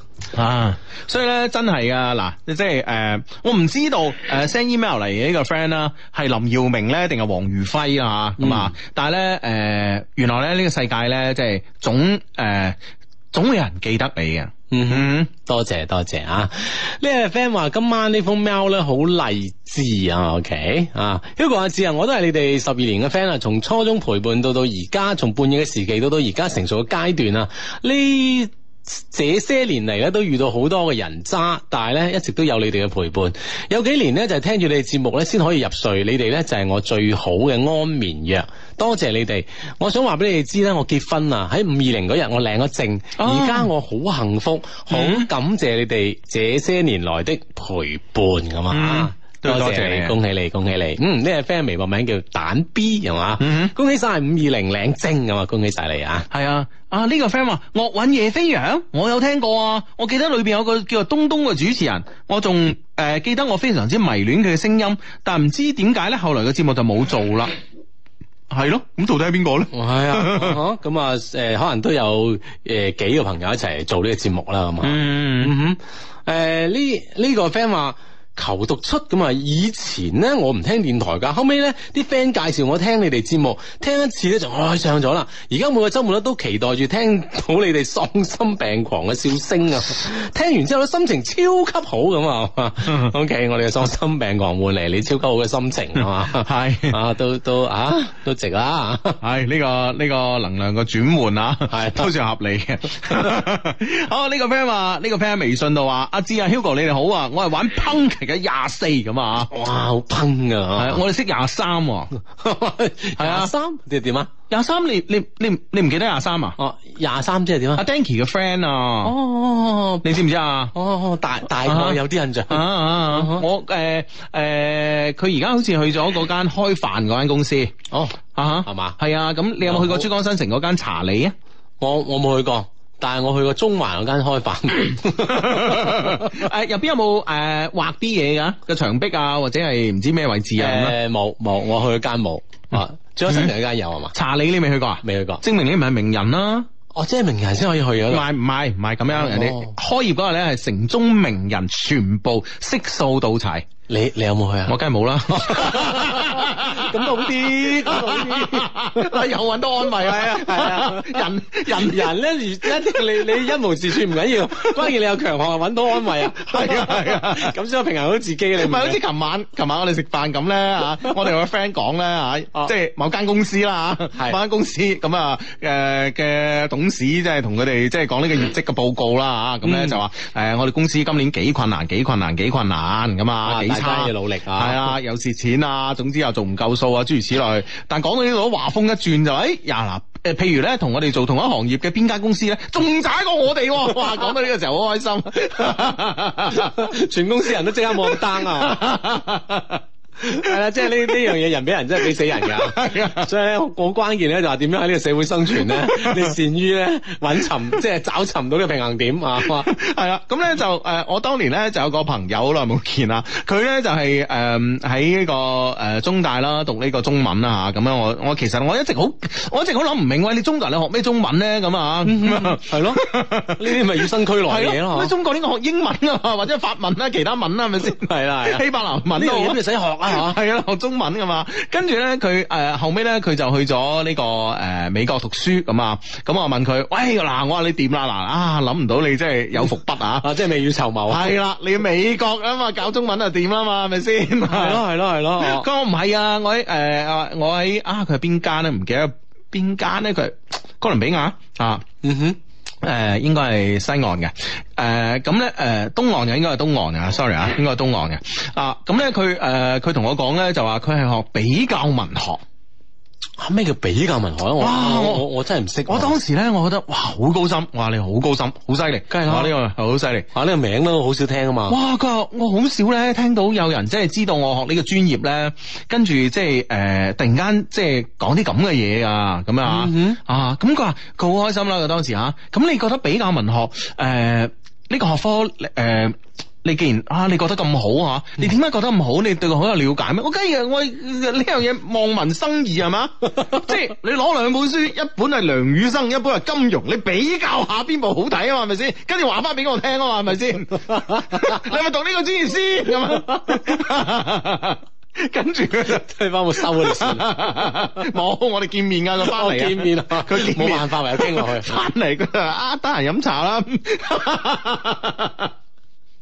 啊， 所以咧，真係啊，嗱，即係誒、呃，我唔知道誒 send、呃、email 嚟嘅呢個 friend 啦，係林耀明咧，定係黃如輝啊咁啊。但係咧，誒、呃，原來咧呢個世界咧，即係總誒，總會有人記得你嘅。嗯哼，多謝多謝啊！呢位 friend 話今晚呢封 mail 咧好勵志啊，OK 啊，Hugo 阿志啊，okay? 啊志我都係你哋十二年嘅 friend 啊。從初中陪伴到到而家，從叛逆嘅時期到到而家成熟嘅階段啊，呢。這些年嚟咧都遇到好多嘅人渣，但係咧一直都有你哋嘅陪伴。有幾年咧就係聽住你哋節目咧先可以入睡，你哋咧就係我最好嘅安眠藥。多謝你哋，我想話俾你哋知咧，我結婚喇啊，喺五二零嗰日我領咗證。而家我好幸福，好感謝你哋這些年來的陪伴咁、嗯、啊！多謝你，恭喜你，恭喜你。嗯，呢、這個 friend 微博名叫蛋 B 係、嗯、嘛？恭喜晒五二零領證啊，恭喜晒你啊！係啊，啊呢、這個 friend 話樂韻夜飛揚，我有聽過啊。我記得裏邊有個叫做東東嘅主持人，我仲誒、呃、記得我非常之迷戀佢嘅聲音，但唔知點解咧，後來個節目就冇做啦。係咯、 啊，咁到底係邊個咧？係 啊、嗯，咁、嗯、啊，誒、嗯，可能都有誒幾個朋友一齊做呢個節目啦，咁啊。嗯嗯，誒呢呢個 friend 話。求讀出咁啊！以前咧我唔聽電台噶，後尾咧啲 friend 介紹我聽你哋節目，聽一次咧就愛、哎、上咗啦。而家每個周末咧都期待住聽到你哋喪心病狂嘅笑聲啊！聽完之後咧心情超級好咁啊 ！OK，我哋嘅喪心病狂換嚟你超級好嘅心情係嘛？係 啊，都都啊，都值啊。係呢個呢、這個能量嘅轉換啊，係都算合理嘅。這個、朋微信 i, Hugo, 好，呢個 friend 話，呢個 friend 微信度話：阿志啊，Hugo 你哋好啊！我係玩 p 而家廿四咁啊！哇，好噴啊！係啊，我哋識廿三，廿三即係點啊？廿三你你你你唔記得廿三啊？哦，廿三即係點啊？阿 Danky 嘅 friend 啊？哦，你知唔知啊？哦，大大概有啲印象我誒誒，佢而家好似去咗嗰間開飯嗰間公司。哦，啊哈，係嘛？係啊，咁你有冇去過珠江新城嗰間查理啊？我我冇去過。但係我去過中環嗰間開飯、 啊，誒，入邊有冇誒畫啲嘢噶個牆壁啊，或者係唔知咩位置啊？誒、呃，冇冇，我去過間冇，嗯、啊，仲有新田嗰間有啊嘛？嗯、是是查理你未去過啊？未去過，證明你唔係名人啦、啊。哦，即係名人先可以去啊？唔係唔係，咁樣人哋開業嗰日咧，係城中名人全部悉數到齊。你你有冇去啊？我梗係冇啦。咁都 好啲，好啲，又 揾到安慰係啊！係 啊！ 人人人咧，一定你你一無是處唔緊要，關， 關鍵你有強項，揾到安慰啊！係啊係啊，咁先可平衡到自己。你唔係好似琴晚琴晚我哋食飯咁咧嚇，我哋有個 friend 講咧嚇，即係某間公司啦嚇， 啊、某間公司咁啊誒嘅董事即係同佢哋即係講呢個業績嘅報告啦嚇，咁、啊、咧、啊嗯、就話誒、呃、我哋公司今年幾困難幾困難幾困難咁啊！嘅努力啊，係啊，有蝕錢啊，總之又做唔夠數啊，諸如此類。但講到呢度，話鋒一轉就誒，呀嗱，誒、呃，譬如咧，同我哋做同一行業嘅邊間公司咧，仲踩過我哋，啊， 哇，講到呢個時候好開心， 全公司人都即刻冇咁 down 啊。係啦，即係呢呢樣嘢人俾人真係俾死人㗎，所以咧好關鍵咧就話點樣喺呢個社會生存咧，你善於咧搵尋，即係找尋到呢個平衡點啊，係啦，咁咧就誒，我當年咧就有個朋友好耐冇見啦，佢咧就係誒喺呢個誒中大啦讀呢個中文啊。咁樣我我其實我一直好我一直好諗唔明喂，你中國人你學咩中文咧咁啊，係咯，呢啲咪與生俱來嘅嘢咯，你中國應該學英文啊或者法文啊，其他文啊，係咪先？係啦，啲西班牙文呢啲咪使學啊。係啊，啊，學中文噶嘛，跟住咧佢誒後尾咧佢就去咗呢，這個誒，呃，美國讀書咁啊，咁我問佢，喂，嗱，我話你掂啦嗱，啊諗唔到你真係有伏筆啊， 啊，即係未雨綢繆。係啦，啊，你美國啊嘛，搞中文啊掂啊嘛，係咪先？係咯係咯係咯。佢話唔係啊，我喺誒，呃，我喺啊，佢係邊間咧？唔記得邊間咧？佢係哥倫比亞啊，嗯哼。誒、呃，應該係西岸嘅，誒、呃，咁咧誒，東岸就應該係東岸嘅，sorry 啊，應該係東岸嘅，啊咁咧佢誒，佢、呃、同我講咧就話佢係學比較文學。咩、啊、叫比較文學啊？哇！我我，我真係唔識。我當時咧，我覺得哇好高深，哇你好高深，好犀利。梗係啦，呢個好犀利。啊呢個名咧，好少聽啊嘛。哇！佢我好少咧聽，聽到有人即係知道我學呢個專業咧，跟住即係誒，突然間即係講啲咁嘅嘢啊，咁啊、嗯、哼啊！咁佢話佢好開心啦，佢、嗯嗯嗯嗯嗯嗯、當時吓。咁、啊、你覺得比較文學誒呢、呃呃這個學科誒？呃呃呃你既然啊，你覺得咁好啊，你點解覺得咁好？你對佢好有了解咩？我梗係我呢樣嘢望文生義係嘛？ 即係你攞兩本書，一本係梁羽生，一本係金庸。你比較下邊部好睇啊嘛？係咪先？ 跟住話翻俾我聽啊嘛？係咪先？你咪讀呢個專業先？咁 啊？跟住佢就退翻我收啊！你冇我哋見面啊！佢翻嚟見面啊！佢冇辦法唯有傾落去。翻嚟佢啊得閒飲茶啦。啊啊啊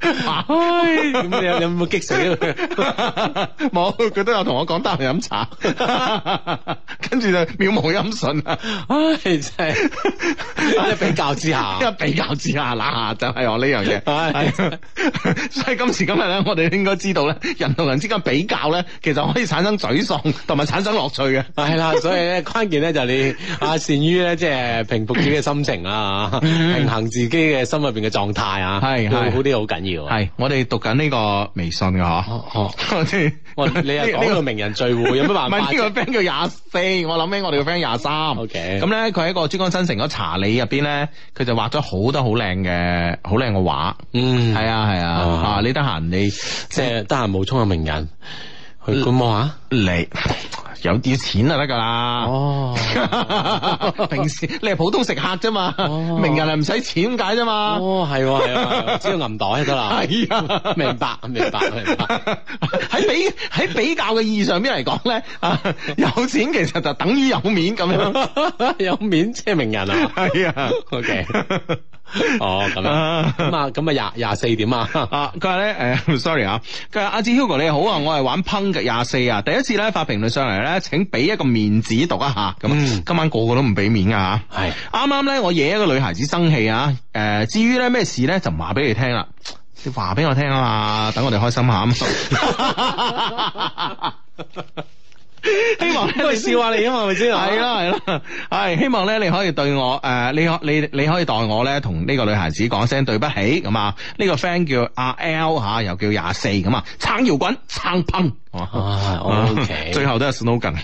唉咁 你有冇激死佢？冇， 佢都有同我講得閑飲茶，跟 住就渺無音訊啦。 唉，真係一比較之下， 比較之下嗱就係我呢樣嘢。 所以今時今日咧，我哋應該知道咧，人同人之間比較咧，其實可以產生沮喪同埋產生樂趣嘅。係啦， 所以咧關鍵咧就係你啊，善於咧即係平復自己嘅心情啦， 平衡自己嘅心入邊嘅狀態啊，係係 好啲好。緊要係，我哋讀緊呢個微信嘅嗬。我你又講呢個名人聚會有咩辦法？唔係呢個 friend 叫廿四，我諗起我哋個 friend 廿三。 OK，咁咧，佢喺一個珠江新城嗰茶里入邊咧，佢就畫咗好多好靚嘅好靚嘅畫。畫嗯，係啊係啊。啊，啊你得閒你即係得閒冒充個名人去觀摩下，你。 有啲錢就得噶啦。哦， 平時你係普通食客啫嘛。哦、名人係唔使錢咁解啫嘛。哦，係喎、啊，只要、啊啊啊、銀袋就得啦。係啊， 明白明白明白。喺 比喺比較嘅意義上邊嚟講咧， 有錢其實就等於有面咁樣， 有面即係名人啊。係啊 ，OK。 哦，咁啊，咁啊，廿廿四點啊，佢話咧，誒、呃、sorry 啊，佢話阿志 Hugo 你好啊，我係玩 punk 嘅廿四啊，第一次咧發評論上嚟咧，請俾一個面子讀一下，咁、嗯、今晚個個都唔俾面啊。係啱啱咧我惹一個女孩子生氣啊，誒、呃，至於咧咩事咧就唔話俾你聽啦，你話俾我聽啊嘛，等我哋開心下咁。 希望咧，都係笑話你啊嘛，咪先？ 係啦 係啦，係希望咧，你可以對我誒、呃，你可你你可以代我咧，同呢個女孩子講聲對不起咁啊。呢、這個 friend 叫阿 L 吓、啊，又叫廿四咁啊，撐搖滾，撐噴。啊，O K，最後都係 snocon。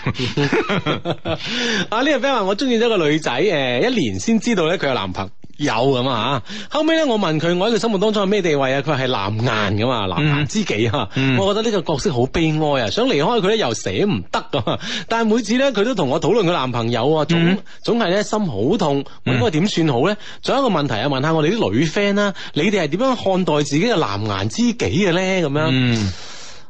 阿呢個 friend 話我中意咗個女仔，誒，一年先知道咧佢有男朋友咁啊，後尾咧我問佢我喺佢心目當中係咩地位啊？佢話係男顏噶嘛，男顏知己哈、啊，嗯嗯、我覺得呢個角色好悲哀啊，想離開佢咧又捨唔得啊。但係每次咧佢都同我討論佢男朋友啊，總、嗯、總係咧心好痛，問佢點算好咧？仲、嗯、有一個問題問啊，問下我哋啲女 friend 啦，你哋係點樣看待自己嘅男顏知己嘅咧？咁樣。嗯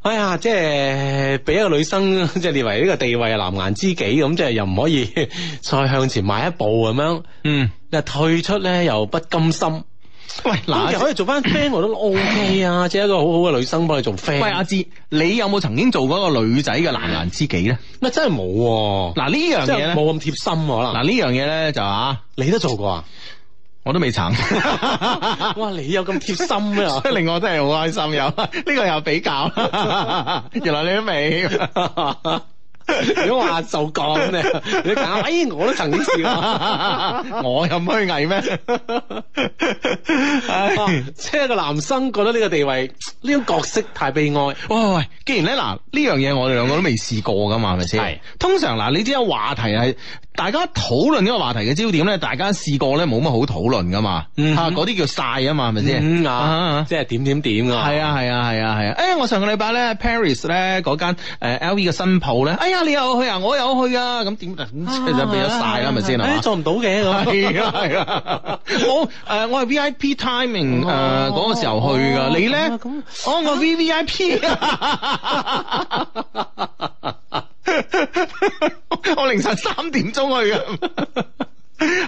哎呀，即係俾一個女生即係列為呢個地位藍顏知己咁，即係又唔可以再向前邁一步咁樣，嗯，你退出咧又不甘心。喂，嗱，其實可以做翻 friend 嘗 我都 O K 啊，即係一個好好嘅女生幫你做 friend。喂，阿志，你有冇曾經做過一個女仔嘅藍顏知己咧？乜、啊、真係冇、啊？嗱、啊、呢樣嘢咧，冇咁貼心可能。嗱呢樣嘢咧就啊，你都做過啊？我都未慘， 哇！你有咁貼心咩？所以 令我真係好開心，有 呢個又比較， 原來你都未， 你話就講你，你講， 危危 哎，我都曾經試過，我有虛偽咩？即係個男生覺得呢個地位呢 種角色太悲哀。喂喂，既然咧嗱呢樣嘢我哋兩個都未試過噶嘛，係咪先？係的通常嗱，你知啲話題係。大家討論呢個話題嘅焦點咧，大家試過咧冇乜好討論噶嘛，嚇嗰啲叫晒啊嘛，係咪先？即係點點點㗎？係啊係啊係啊係啊！誒，我上個禮拜咧 Paris 咧嗰間 LV 嘅新鋪咧，哎呀你又去啊，我又去啊，咁點就畀咗晒啦，係咪先啊？你做唔到嘅咁。係啊係啊，我誒我係 VIP timing 誒嗰個時候去㗎，你咧？我我 V V I P。我凌晨三點鐘去㗎，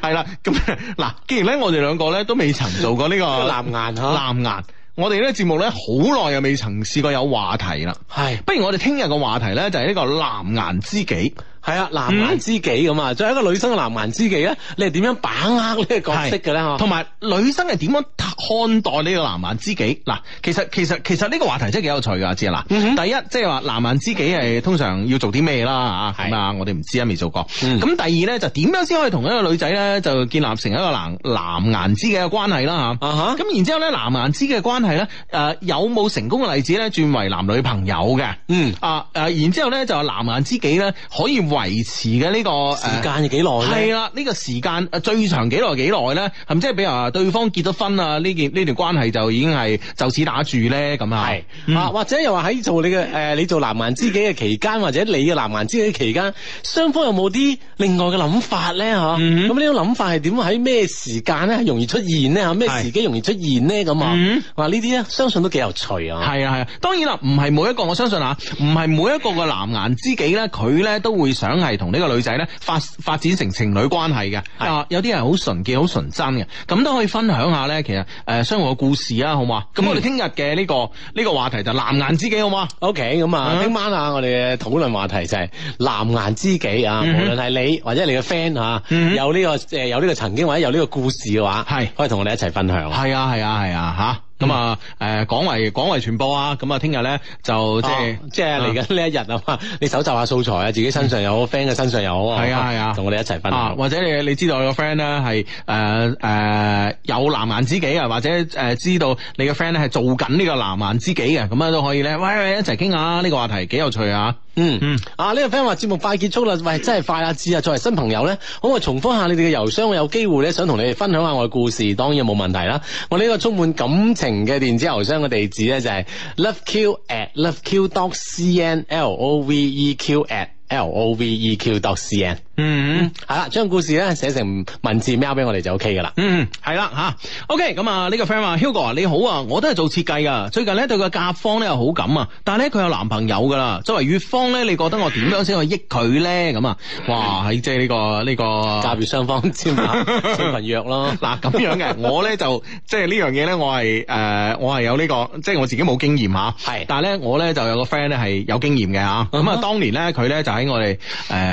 係 啦，咁嗱，既然咧我哋兩個咧都未曾做過呢個藍顏嗬，藍顏顏，我哋呢個節目咧好耐又未曾試過有話題啦，係的，不如我哋聽日嘅話題咧就係呢個藍顏知己。係啊，藍顏知己咁啊，作為、嗯、一個女生嘅藍顏知己咧，你係點樣把握呢個角色嘅咧？同埋女生係點樣看待呢個藍顏知己？嗱，其實其實其實呢個話題真係幾有趣噶，知啊？嗱，第一即係話藍顏知己係通常要做啲咩啦？吓咁啊，我哋唔知啊，未做過。咁第二咧就點樣先可以同一個女仔咧就建立成一個藍藍顏知己嘅關係啦？吓咁、啊、哈然之後咧藍顏知己嘅關係咧，誒、呃、有冇成功嘅例子咧轉為男女朋友嘅？嗯啊啊！然之後咧就藍顏知己咧可以。維持嘅、這個、呢、這個時間要幾耐？係啦，呢個時間誒最長幾耐？幾耐咧？係咪即係比如話對方結咗婚啊？呢件呢段關係就已經係就此打住咧？咁啊是？係啊、嗯，或者又話喺做你嘅誒，你做藍顏知己嘅期間，或者你嘅藍顏知己嘅期間，雙方有冇啲另外嘅諗法咧？嗬、嗯？咁呢種諗法係點？喺咩時間咧容易出現咧？啊，咩時機容易出現咧？咁啊是？話呢啲咧，相信都幾有趣啊！係啊係啊，當然啦，唔係每一個我相信啊，唔係每一個嘅藍顏知己咧，佢咧都會想。想係同呢個女仔咧發發展成情侶關係嘅，啊的，有啲人好純潔、好純真嘅，咁都可以分享下咧。其實誒，相互嘅故事啊，好嘛？咁、嗯、我哋聽日嘅呢個呢、這個話題就藍顏知己，好嘛？OK，咁啊，聽、嗯、晚啊，我哋嘅討論話題就係藍顏知己啊。嗯、哼無論係你或者你嘅 friend 吓，有呢個誒有呢個曾經或者有呢個故事嘅話，係的可以同我哋一齊分享。係啊，係啊，係啊，吓。咁啊，誒廣、嗯、為廣為傳播啊！咁啊，聽日咧就即係即係嚟緊呢一日啊嘛，你蒐集下素材啊，自己身上有，friend 嘅身上有啊，係啊係啊，同我哋一齊分享。啊、好或者你你知、呃呃、知，知道你個 friend 咧係誒誒有藍顏知己啊，或者誒知道你個 friend 咧係做緊呢個藍顏知己嘅，咁啊都可以咧。喂喂，你一齊傾下呢、這個話題，幾有趣啊！嗯，嗯啊呢個 friend 話，節目快結束啦，喂真係快啊！知啊，作為新朋友咧，可唔可以重複下你哋嘅郵箱？我有機會咧，想同你哋分享下我嘅故事，當然冇問題啦。我呢個充滿感情嘅電子郵箱嘅地址咧就係 loveq at loveq dot cn l o v e q at l o v e q dot cn。Mm hmm. 嗯，係啦，將故事咧寫成文字喵俾我哋就 OK 噶啦。嗯、mm，係啦吓。OK，咁啊呢個 friend 話，Hugo 你好啊，我都係做設計噶，最近咧對個甲方咧有好感啊，但係咧佢有男朋友噶啦，作為乙方咧，你覺得我點樣先可以益佢咧？咁啊，哇，喺即係呢、這個呢、這個甲乙雙方簽簽份約咯。嗱，咁樣嘅，我咧就即係呢樣嘢咧，我係誒我係有呢、這個，即係我自己冇經驗吓。係， 但係咧我咧就有個 friend 咧係有經驗嘅啊。咁啊當年咧佢咧就喺我哋誒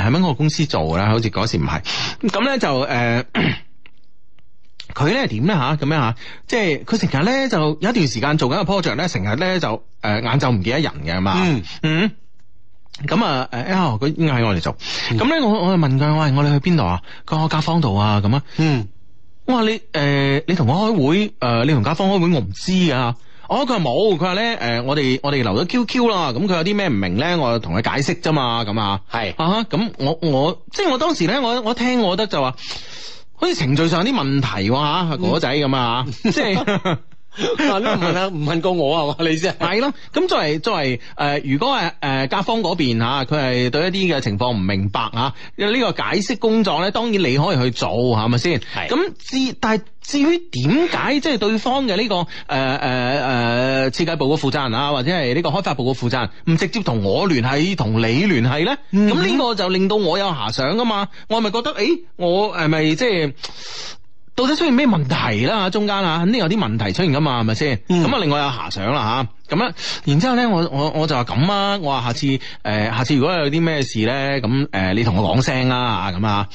喺乜個公司做。呃 Spark 好似嗰時唔係，咁咧就誒，佢咧點咧吓，咁樣吓、啊，即係佢成日咧就有一段時間做緊個 project 咧，成日咧就誒，晏晝唔記得人嘅嘛嗯，嗯，咁啊誒，L 佢應該喺我哋做，咁咧我我問佢，喂，我哋去邊度啊？佢我嘉芳度啊，咁啊，嗯，我話你誒，你同、呃、我開會誒、呃，你同嘉芳開會我唔知啊。」哦，佢話冇，佢話咧，誒、呃，我哋我哋留咗 QQ 啦，咁佢有啲咩唔明咧，我就同佢解釋啫嘛，咁是啊，係，啊哈，咁我我即係我當時咧，我我聽我覺得就話，好似程序上有啲問題喎，吓，阿哥仔咁啊，啊 即係是。 問啦問啦，唔問過我啊嘛？你先係咯。咁 作為作為誒、呃，如果誒誒，甲、呃呃、方嗰邊吓，佢、啊、係對一啲嘅情況唔明白啊，呢、這個解釋工作咧，當然你可以去做，係咪先？係的。咁至但係至於點解即係對方嘅呢、這個誒誒誒設計部嘅負責人啊，或者係呢個開發部嘅負責人，唔直接同我聯繫，同你聯繫咧？咁呢、嗯、哼個就令到我有遐想噶嘛？我係咪覺得誒、欸，我係咪即係？欸到底出現咩問題啦、啊？中間啊，肯定有啲問題出現噶嘛，係咪先？咁啊，另外有遐想啦吓，咁樣，然之後咧，我我我就話咁啊，我話下次誒、呃，下次如果有啲咩事咧，咁誒、呃，你同我講聲啦，啊咁啊，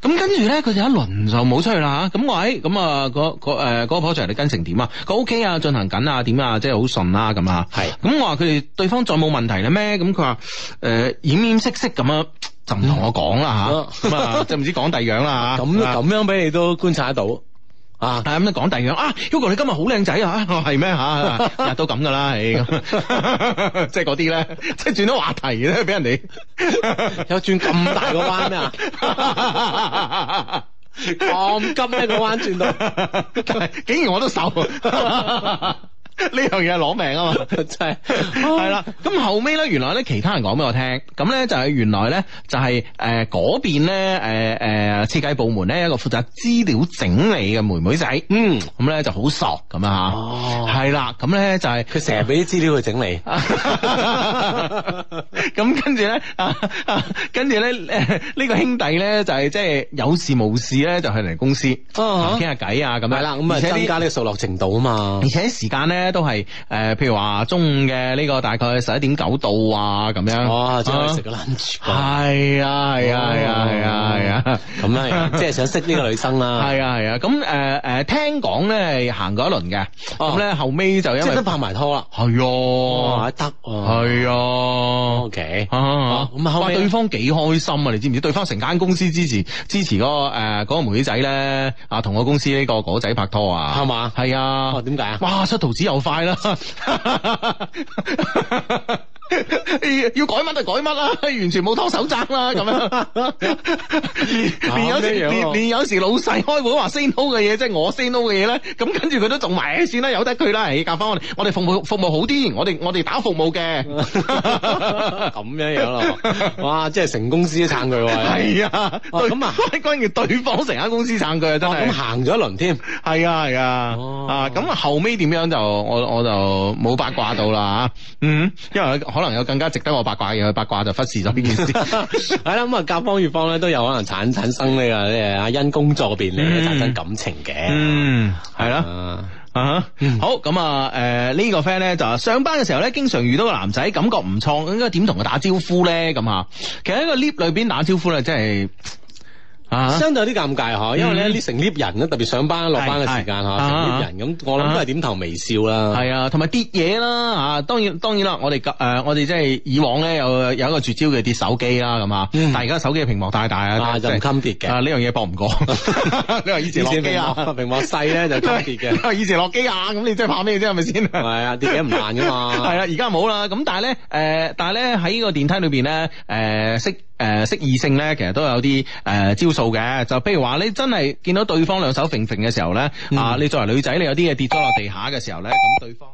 咁跟住咧，佢就一輪就冇出去啦吓。咁我喺咁啊，嗰嗰誒嗰 project 你跟成點啊？佢 OK 啊，進行緊啊，點啊，即係好順啦咁啊。係、啊。咁我話佢哋對方再冇問題啦咩？咁佢話誒，掩掩色色咁啊。咁同、嗯、我講啦吓，就唔知講第二樣啦吓。咁咁 樣俾你都觀察得到啊！但係咁樣講第二樣啊，Hugo 你今日好靚仔啊吓，係咩吓？日、啊、都咁噶啦，即係嗰啲咧，即係轉咗話題咧，俾人哋有轉咁大個彎咩啊！咁 急咩個彎轉到？ 竟然我都受。 呢樣嘢攞命啊嘛，真係係啦。咁、哦、了 後尾咧，原來咧其他人講俾我聽，咁咧就係原來咧就係誒嗰邊咧誒誒設計部門咧一個負責資料整理嘅妹妹仔，嗯，咁咧就好傻咁啊，係啦、哦，咁咧就係佢成日俾啲資料去整理，咁跟住咧啊，跟住咧誒呢、啊啊這個兄弟咧就係即係有事冇事咧就係嚟公司、哦、啊傾下偈啊咁樣，係啦，咁啊增加呢個熟絡程度啊嘛，而且，而且，而且時間咧。都係誒，譬如話中午嘅呢個大概十一點九度啊，咁樣。哇，即係可以食個 lunch。係啊，係啊，係啊，係啊，咁咧，即係想識呢個女生啦。係啊，係啊，咁誒誒，聽講咧係行過一輪嘅，咁咧後尾就即係都拍埋拖啦。係，得，係啊。O K 啊，咁後尾對方幾開心啊？你知唔知？對方成間公司支持支持嗰個誒嗰個妹仔咧啊，同個公司呢個果仔拍拖啊？係嘛？係啊。哦，點解啊？哇，出桃子又～就快啦！要改乜就改乜啦，完全冇拖手踭啦咁樣。練有時，練有時，老細開會話 say no 嘅嘢，即係我 say no 嘅嘢咧。咁跟住佢都仲埋，算啦，由得佢啦。夾翻我哋，我哋服務服務好啲，我哋我哋打服務嘅。咁樣樣咯，哇！即係成公司撐佢係啊，咁啊，關於對方成間公司撐佢啊，真係咁行咗一輪添，係啊係啊，啊咁啊後尾點樣就？我我就冇八卦到啦吓，嗯、啊，因為可能有更加值得我八卦嘅嘢，八卦就忽視咗呢件事係啦。咁啊，甲方乙方咧都有可能產產生呢個誒，因工作嘅便利產生感情嘅，嗯，係啦啊，嗯、好咁啊，誒、嗯這個、呢個 friend 咧就上班嘅時候咧，經常遇到個男仔，感覺唔錯，應該點同佢打招呼咧？咁啊，其實喺個 lift 裏邊打招呼咧，真係。相對有啲尷尬嗬，因為咧呢成 lift 人咧，特別上班落班嘅時間嗬，成 lift 是人咁，啊、我諗都係點頭微笑啦。係啊，同埋跌嘢啦嚇，當然當然啦，我哋誒、呃、我哋即係以往咧有有一個絕招嘅跌手機啦咁啊，但係而家手機屏幕太大啊，就唔襟跌嘅。啊呢樣嘢搏唔過。 你話以前諾基亞啊，屏幕細咧就襟跌嘅。 以前諾基亞啊，咁你真係怕咩啫係咪先？係 啊，跌嘢唔爛噶嘛。係 啊，而家冇啦。咁但係咧誒，但係咧喺呢、呃、呢個電梯裏邊咧誒識。誒識異性咧，其實都有啲誒、呃、招數嘅，就譬如話，你真係見到對方兩手揈揈嘅時候咧，嗯、啊，你作為女仔，你有啲嘢跌咗落地下嘅時候咧，咁對方。